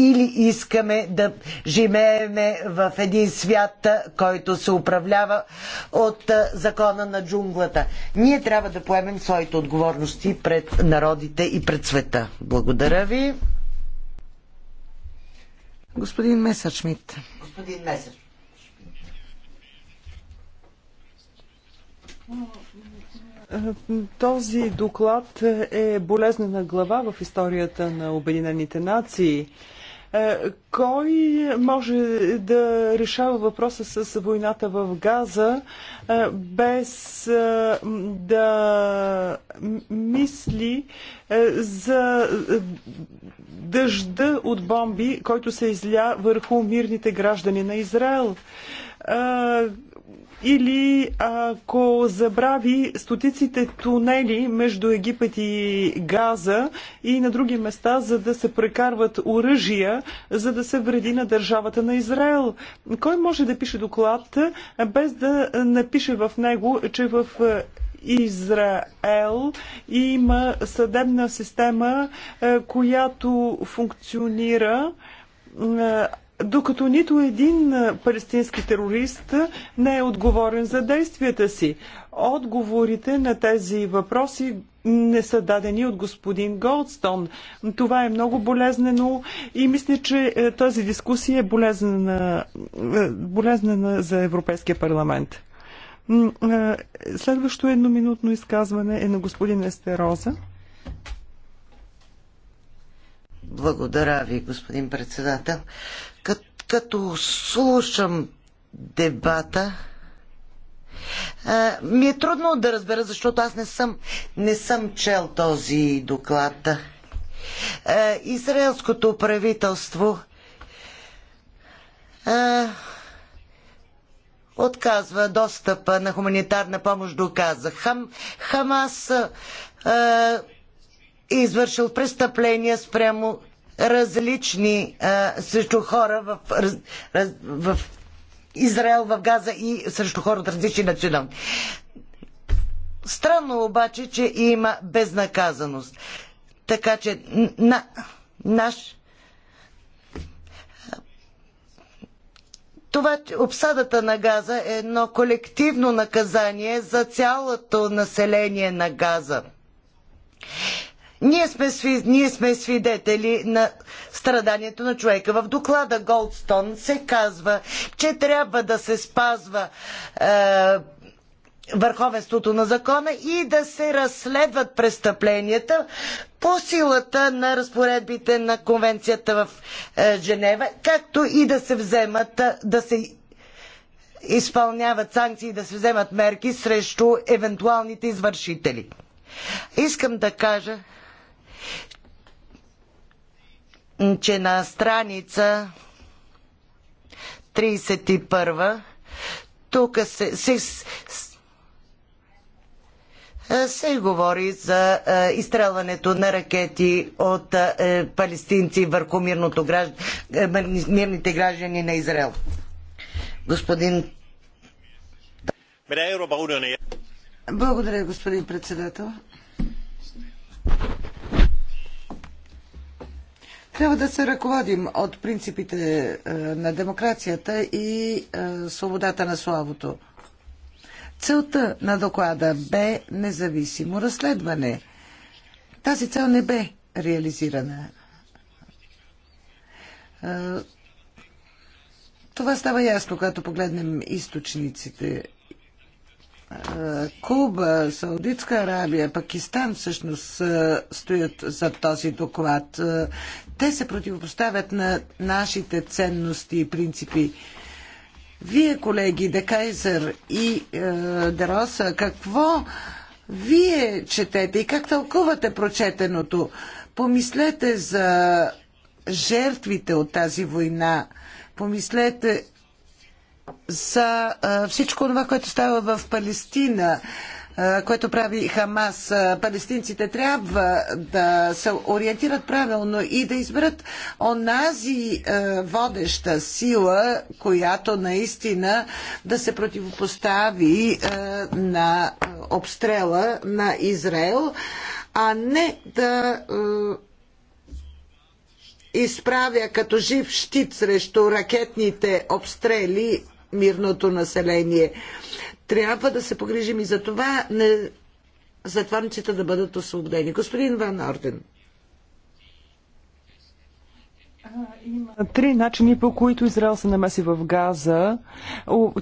[SPEAKER 1] или искаме да живееме в един свят, който се управлява от закона на джунглата. Ние трябва да поемем своите отговорности пред народите и пред света. Благодаря ви. Господин Месършмит. Господин Месършмит.
[SPEAKER 2] Този доклад е болезнена глава в историята на Обединените нации. Е, кой може да решава въпроса с войната в Газа е, без е, да мисли за дъжда от бомби, който се изля върху мирните граждани на Израел? или ако забрави стотиците тунели между Египет и Газа и на други места, за да се прекарват оръжия, за да се вреди на държавата на Израел. Кой може да пише доклад, без да напише в него, че в Израел има съдебна система, е, която функционира е, докато нито един палестински терорист не е отговорен за действията си. Отговорите на тези въпроси не са дадени от господин Голдстон. Това е много болезнено и мисля, че е, тази дискусия е болезнена, е, болезнена за Европейския парламент. Е, следващо едноминутно изказване е на господин Естероза.
[SPEAKER 1] Благодаря ви, господин председател като слушам дебата, ми е трудно да разбера, защото аз не съм, не съм чел този доклад. Израелското правителство отказва достъпа на хуманитарна помощ до Каза. Хам, Хамас е извършил престъпления спрямо различни а, срещу хора в, раз, раз, в Израел, в Газа и срещу хора от различни национални. Странно обаче, че има безнаказаност. Така че на, наш. Това, че обсадата на Газа е едно колективно наказание за цялото население на Газа. Ние сме, ние сме свидетели на страданието на човека. В доклада Голдстон се казва, че трябва да се спазва е, върховенството на закона и да се разследват престъпленията по силата на разпоредбите на конвенцията в е, Женева, както и да се вземат, да се изпълняват санкции, да се вземат мерки срещу евентуалните извършители. Искам да кажа, че на страница 31 тук се, се, се говори за е, изстрелването на ракети от е, палестинци върху гражд... Е, мирните граждани на Израел. Господин. Благодаря, господин председател. Трябва да се ръководим от принципите е, на демокрацията и е, свободата на славото. Целта на доклада бе независимо разследване. Тази цел не бе реализирана. Е, това става ясно, когато погледнем източниците е, Куба, Саудитска Арабия, Пакистан всъщност е, стоят за този доклад. Е, те се противопоставят на нашите ценности и принципи. Вие, колеги, Декайзер и е, Дероса, какво вие четете и как тълкувате прочетеното? Помислете за жертвите от тази война. Помислете за всичко това, което става в Палестина, което прави Хамас. Палестинците трябва да се ориентират правилно и да изберат онази водеща сила, която наистина да се противопостави на обстрела на Израел, а не да изправя като жив щит срещу ракетните обстрели мирното население. Трябва да се погрижим и за това не, затворниците да бъдат освободени. Господин Ван Орден.
[SPEAKER 2] Има три начини, по които Израел се намеси в Газа.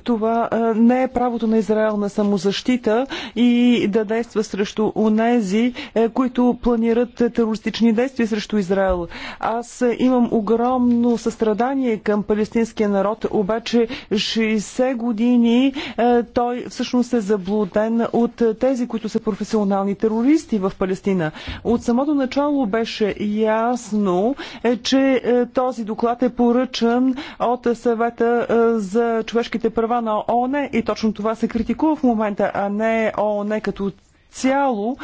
[SPEAKER 2] Това не е правото на Израел на самозащита и да действа срещу онези, е, които планират терористични действия срещу Израел. Аз е, имам огромно състрадание към палестинския народ, обаче 60 години е, той всъщност е заблуден от тези, които са професионални терористи в Палестина. От самото начало беше ясно, че този доклад е поръчан от съвета е, за човешките права на ООН и точно това се критикува в момента, а не ООН като цяло,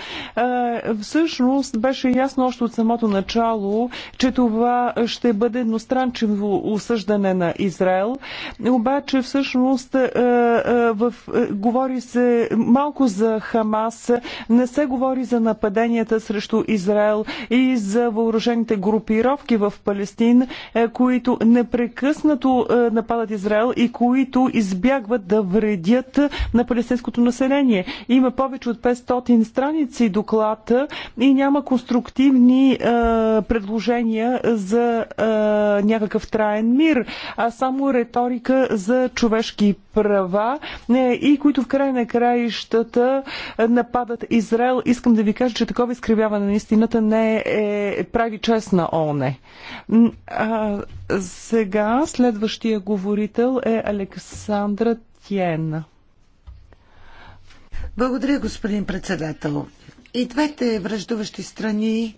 [SPEAKER 2] всъщност беше ясно още от самото начало, че това ще бъде едностранчиво осъждане на Израел. Обаче всъщност в, говори се малко за Хамас, не се говори за нападенията срещу Израел и за въоръжените групировки в Палестин, които непрекъснато нападат Израел и които избягват да вредят на палестинското население. Има повече от 500 500 страници доклада и няма конструктивни е, предложения за е, някакъв траен мир, а само риторика за човешки права е, и които в край на краищата е, нападат Израел. Искам да ви кажа, че такова изкривяване на истината не е, прави чест на ОНЕ. А, сега следващия говорител е Александра Тиена. Благодаря, господин председател. И двете
[SPEAKER 1] връждуващи страни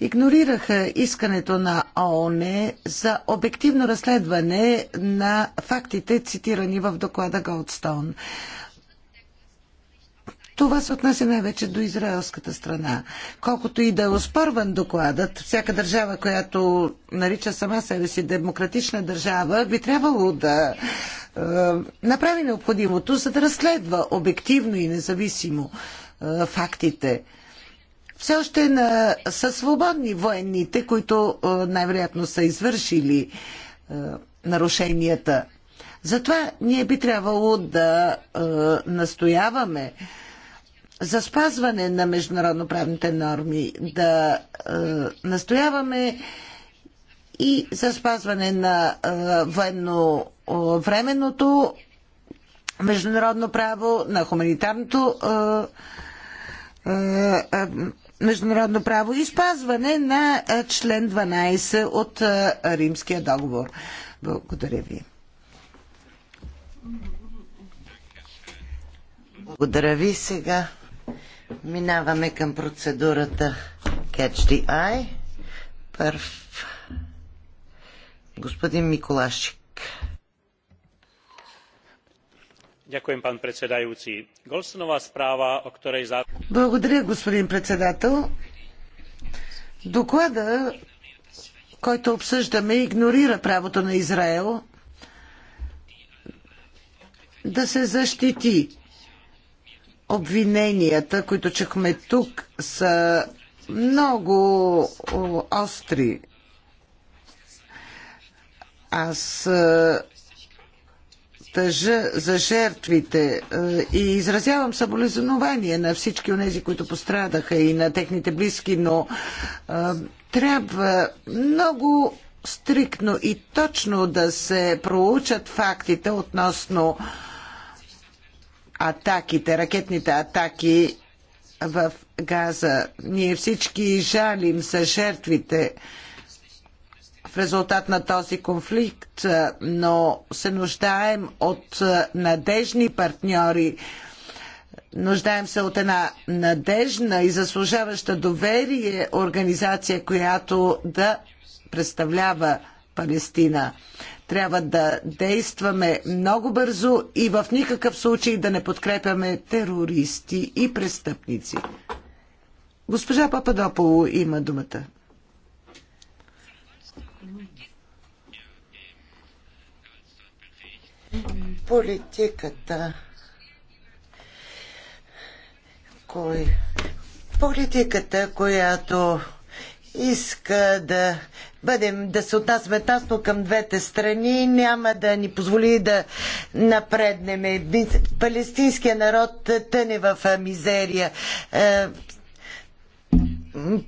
[SPEAKER 1] игнорираха искането на ООН за обективно разследване на фактите, цитирани в доклада Голдстоун. Това се отнася най-вече до израелската страна. Колкото и да е оспорван докладът, всяка държава, която нарича сама себе си демократична държава, би трябвало да е, направи необходимото, за да разследва обективно и независимо е, фактите. Все още е на, са свободни военните, които е, най-вероятно са извършили е, нарушенията. Затова ние би трябвало да е, настояваме за спазване на международноправните норми, да е, настояваме и за спазване на е, военно е, временното международно право, на хуманитарното е, е, е международно право и спазване на е, член 12 от Римския договор. Благодаря ви. Благодаря ви сега. Минаваме към процедурата Catch the Eye. Първ. Господин Миколашик.
[SPEAKER 2] Дякуем, пан председайуци. Golsonová справа, о которой... za...
[SPEAKER 1] Благодаря, господин председател. Доклада, който обсъждаме, игнорира правото на Израел да се защити обвиненията, които чухме тук, са много остри. Аз тъжа за жертвите и изразявам съболезнование на всички от тези, които пострадаха и на техните близки, но трябва много стриктно и точно да се проучат фактите относно а, атаките, ракетните атаки в Газа. Ние всички жалим за жертвите в резултат на този конфликт, но се нуждаем от надежни партньори. Нуждаем се от една надежна и заслужаваща доверие организация, която да представлява Палестина. Трябва да действаме много бързо и в никакъв случай да не подкрепяме терористи и престъпници. Госпожа Пападополо има думата. Политиката. Кой? Политиката, която иска да бъдем, да се отнасяме тасно към двете страни, няма да ни позволи да напреднем. Палестинският народ тъне в мизерия. Е,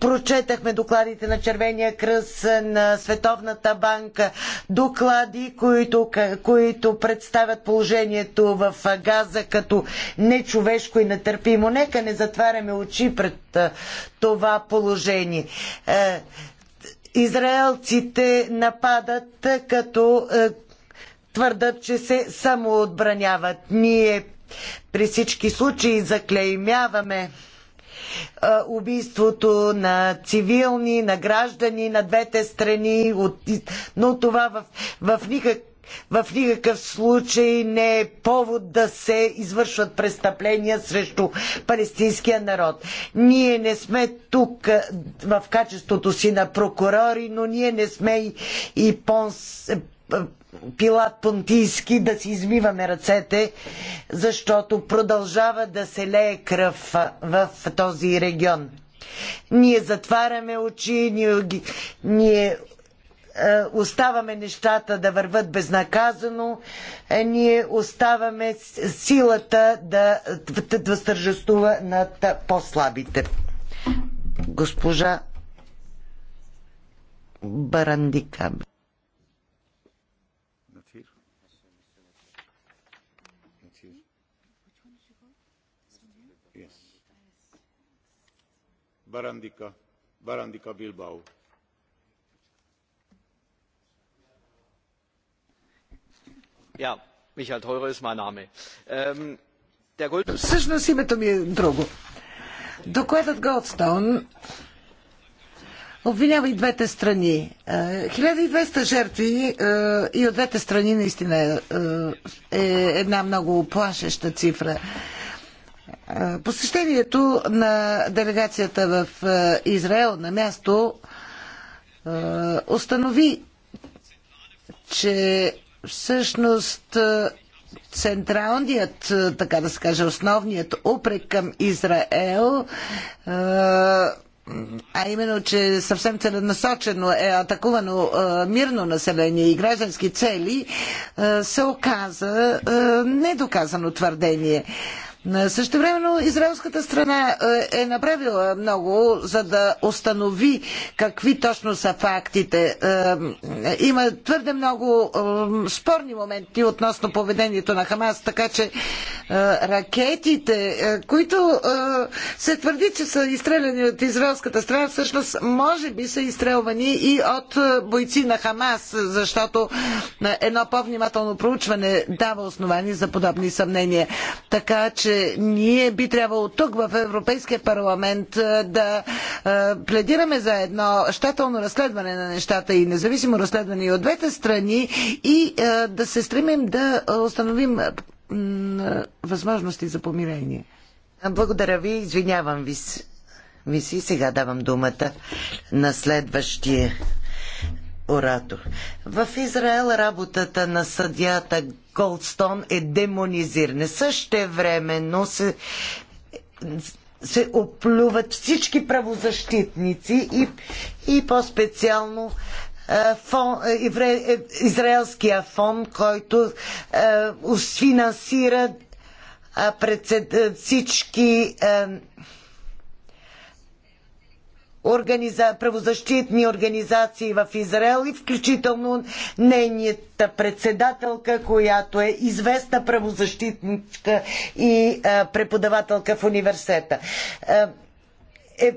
[SPEAKER 1] прочетахме докладите на Червения кръст, на Световната банка, доклади, които, които представят положението в Газа като нечовешко и нетърпимо. Нека не затваряме очи пред това положение е, израелците нападат, като твърдат, че се самоотбраняват. Ние при всички случаи заклеймяваме убийството на цивилни, на граждани на двете страни, но това в, в никак в никакъв случай не е повод да се извършват престъпления срещу палестинския народ. Ние не сме тук в качеството си на прокурори, но ние не сме и, и понс Пилат Понтийски да си измиваме ръцете, защото продължава да се лее кръв в този регион. Ние затваряме очи, ние, ние е, оставаме нещата да върват безнаказано, е, ние оставаме силата да възтържествува да над по-слабите. Госпожа Барандикабе.
[SPEAKER 2] barandika bilbao.
[SPEAKER 1] michael theurer ist mein name. Ähm, Всъщност името ми е друго. Докладът Голдстоун обвинява и двете страни. 1200 е, жертви е, и от двете страни наистина е, е една много плашеща цифра. Посещението на делегацията в Израел на място установи, че всъщност централният, така да се каже, основният упрек към Израел а именно, че съвсем целенасочено е атакувано мирно население и граждански цели, се оказа недоказано твърдение. Също времено израелската страна е, е направила много, за да установи какви точно са фактите. Е, има твърде много е, спорни моменти относно поведението на Хамас, така че ракетите, които се твърди, че са изстреляни от израелската страна, всъщност може би са изстрелвани и от бойци на Хамас, защото едно по-внимателно проучване дава основание за подобни съмнения. Така че ние би трябвало тук в Европейския парламент да пледираме за едно щателно разследване на нещата и независимо разследване и от двете страни и да се стремим да установим възможности за помирение. Благодаря ви, извинявам ви се. сега давам думата на следващия оратор. В Израел работата на съдията Голдстон е демонизирана. но се се оплюват всички правозащитници и, и по-специално е, фон, е, евре, е, израелския фон, който е, финансира е, всички е, организа... правозащитни организации в Израел и включително нейната председателка, която е известна правозащитничка и преподавателка в университета. Е, е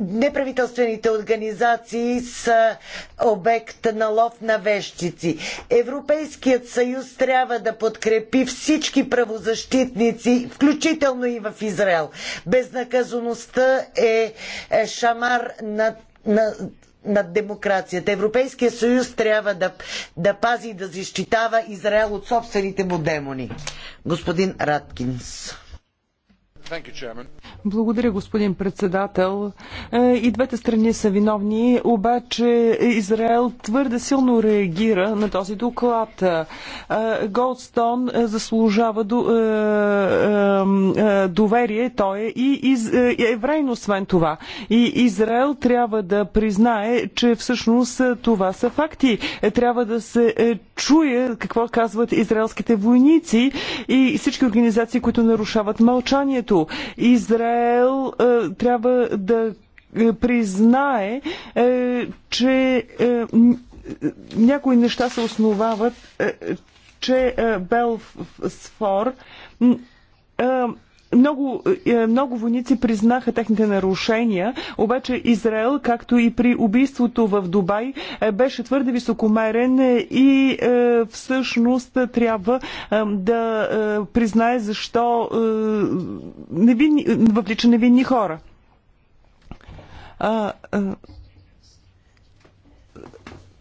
[SPEAKER 1] неправителствените организации са обект на лов на вещици. Европейският съюз трябва да подкрепи всички правозащитници, включително и в Израел. Безнаказаността е, е шамар на, на над демокрацията. Европейският съюз трябва да, да пази и да защитава Израел от собствените му демони.
[SPEAKER 2] Господин Раткинс. Благодаря, господин председател. Е, и двете страни са виновни, обаче Израел твърде силно реагира на този доклад. Е, Голдстон заслужава е, доверие, той е и еврейно освен това. И Израел трябва да признае, че всъщност това са факти. Трябва да се чуе какво казват израелските войници и всички организации, които нарушават мълчанието. Трето, Израел е, трябва да е, признае, е, че някои неща се основават, че Белфор много, е, много войници признаха техните нарушения, обаче Израел, както и при убийството в Дубай, е, беше твърде високомерен е, и всъщност трябва да признае защо въвлича невинни хора.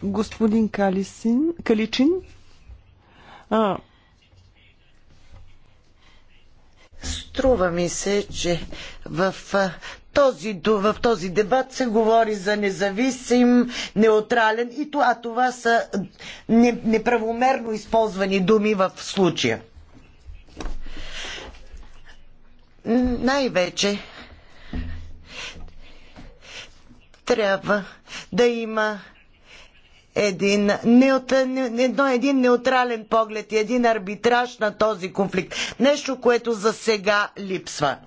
[SPEAKER 2] господин Калисин, Каличин. А,
[SPEAKER 1] Струва ми се, че в този, в този дебат се говори за независим, неутрален и това, това са неправомерно използвани думи в случая. Най-вече трябва да има един, едно, един неутрален поглед и един арбитраж на този конфликт. Нещо, което за сега липсва.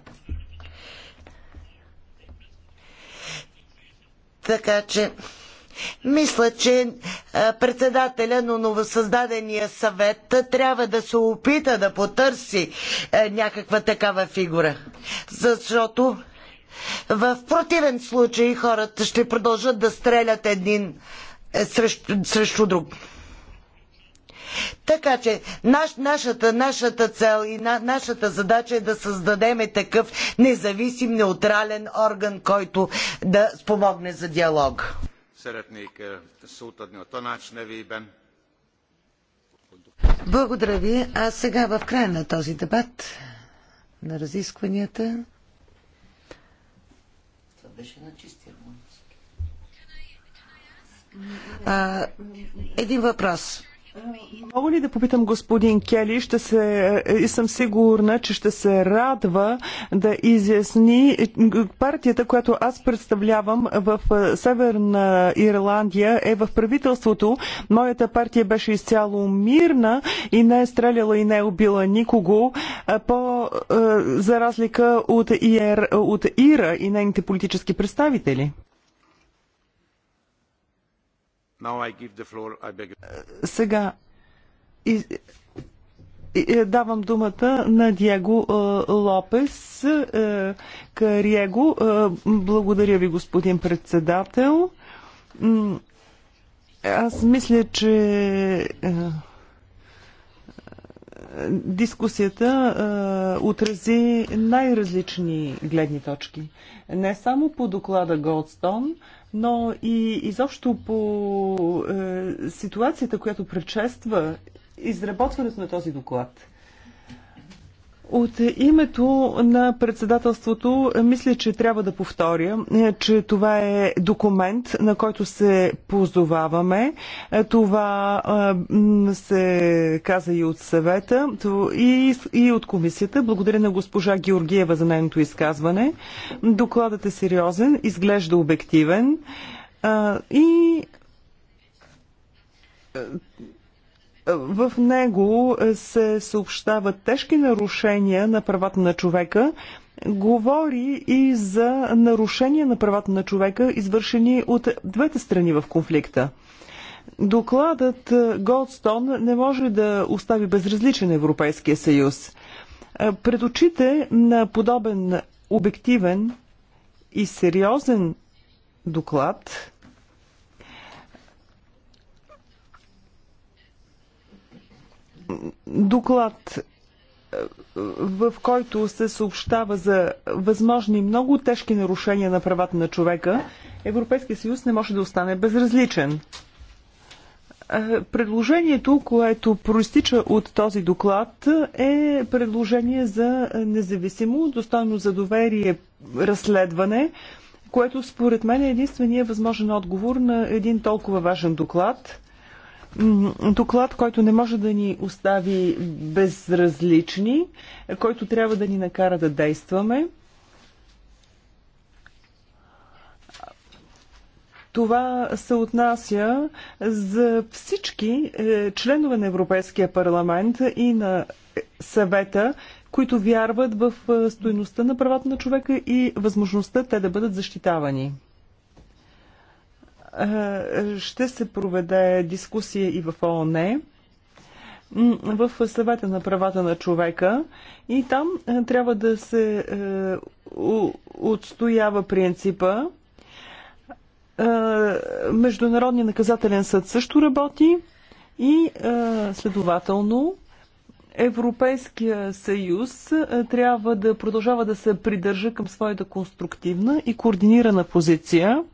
[SPEAKER 1] Така че, мисля, че председателя на новосъздадения съвет трябва да се опита да потърси някаква такава фигура. Защото в противен случай хората ще продължат да стрелят един е, срещу, срещу друг. Така че наш, нашата, нашата цел и на, нашата задача е да създадем такъв независим, неутрален орган, който да спомогне за диалог. Е, Благодаря ви. А сега в края на този дебат, на разискванията. Това беше на чисти
[SPEAKER 2] а, един въпрос. Мога ли да попитам господин Кели? Ще се, е, и съм сигурна, че ще се радва да изясни е, партията, която аз представлявам в е, Северна Ирландия е в правителството. Моята партия беше изцяло мирна и не е стреляла и не е убила никого, по, за разлика от, ИР, от ИРА и нейните политически представители. Сега давам думата на Диего е, Лопес е, Кариего. Е, благодаря ви, господин председател. Аз мисля, че дискусията а, отрази най-различни гледни точки. Не само по доклада Голдстон, но и изобщо по е, ситуацията, която предшества изработването на този доклад. От името на председателството е, мисля, че трябва да повторя, е, че това е документ, на който се позоваваме. Е, това се каза и от съвета и от комисията. Благодаря на госпожа Георгиева за нейното изказване. Докладът е сериозен, изглежда обективен и в него се съобщават тежки нарушения на правата на човека, говори и за нарушения на правата на човека, извършени от двете страни в конфликта. Докладът Голдстон не може да остави безразличен Европейския съюз. Пред очите на подобен обективен и сериозен доклад доклад е, в който се съобщава за възможни много тежки нарушения на правата на човека, Европейския съюз не може да остане безразличен. Е, предложението, което проистича от този доклад, е предложение за независимо, достойно за доверие разследване, което според мен е единствения възможен отговор на един толкова важен доклад доклад, който не може да ни остави безразлични, който трябва да ни накара да действаме. Това се отнася за всички е, членове на Европейския парламент и на съвета, които вярват в е, стоеността на правата на човека и възможността те да бъдат защитавани. Е, ще се проведе дискусия и в ООН в съвета на правата на човека и там е, трябва да се е, отстоява принципа. Международния наказателен съд също работи и следователно Европейския съюз трябва да продължава да се придържа към своята конструктивна и координирана позиция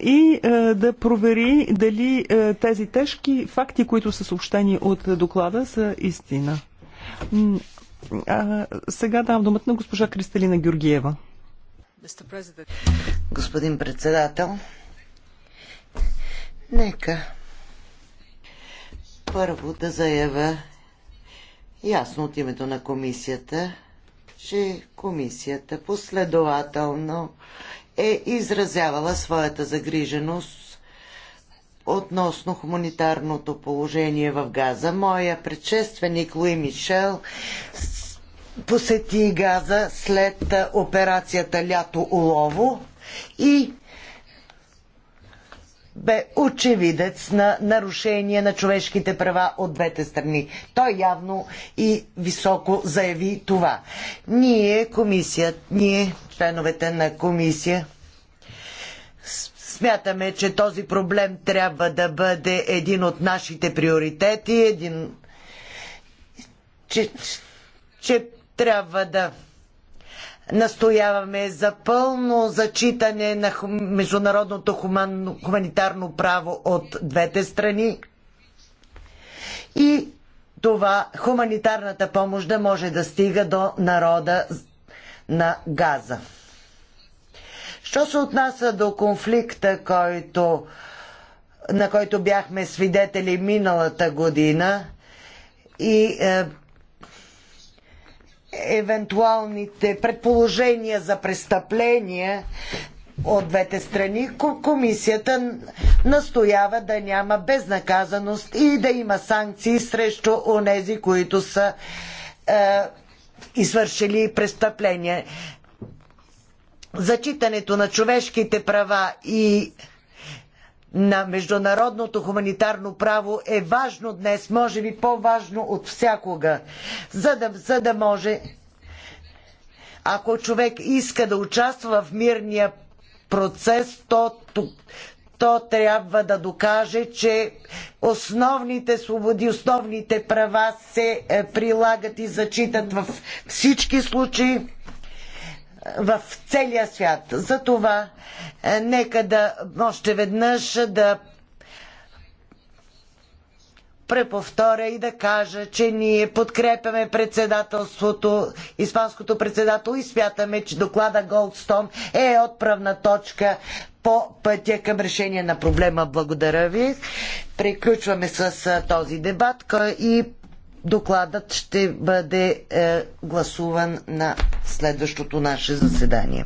[SPEAKER 2] и е, да провери дали е, тези тежки факти, които са съобщени от доклада, са истина. А, сега давам думата на госпожа Кристалина Георгиева. Господин председател, нека
[SPEAKER 1] първо да заявя ясно от името на комисията, че комисията последователно е изразявала своята загриженост относно хуманитарното положение в Газа. Моя предшественик Луи Мишел посети Газа след операцията Лято Улово и бе очевидец на нарушение на човешките права от двете страни. Той явно и високо заяви това. Ние, комисията, ние членовете на комисия. Смятаме, че този проблем трябва да бъде един от нашите приоритети, един... че, че трябва да настояваме за пълно зачитане на международното хуман... хуманитарно право от двете страни и това хуманитарната помощ да може да стига до народа на газа. Що се отнася до конфликта, който, на който бяхме свидетели миналата година и е, евентуалните предположения за престъпления от двете страни, комисията настоява да няма безнаказаност и да има санкции срещу онези, които са е, извършили престъпления. Зачитането на човешките права и на международното хуманитарно право е важно днес, може би по-важно от всякога, за да, за да може, ако човек иска да участва в мирния процес, то то трябва да докаже, че основните свободи, основните права се е, прилагат и зачитат във всички случаи е, в целия свят. Затова е, нека да още веднъж да преповторя и да кажа, че ние подкрепяме председателството, испанското председател и смятаме, че доклада Голдстон е отправна точка по пътя към решение на проблема. Благодаря ви. Приключваме с този дебат и докладът ще бъде е, гласуван на следващото наше заседание.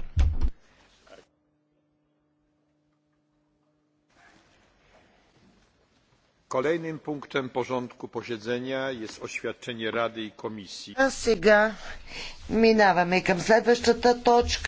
[SPEAKER 2] Kolejnym punktem porządku posiedzenia jest oświadczenie Rady i Komisji. A
[SPEAKER 1] сега минаваме към следващата точка.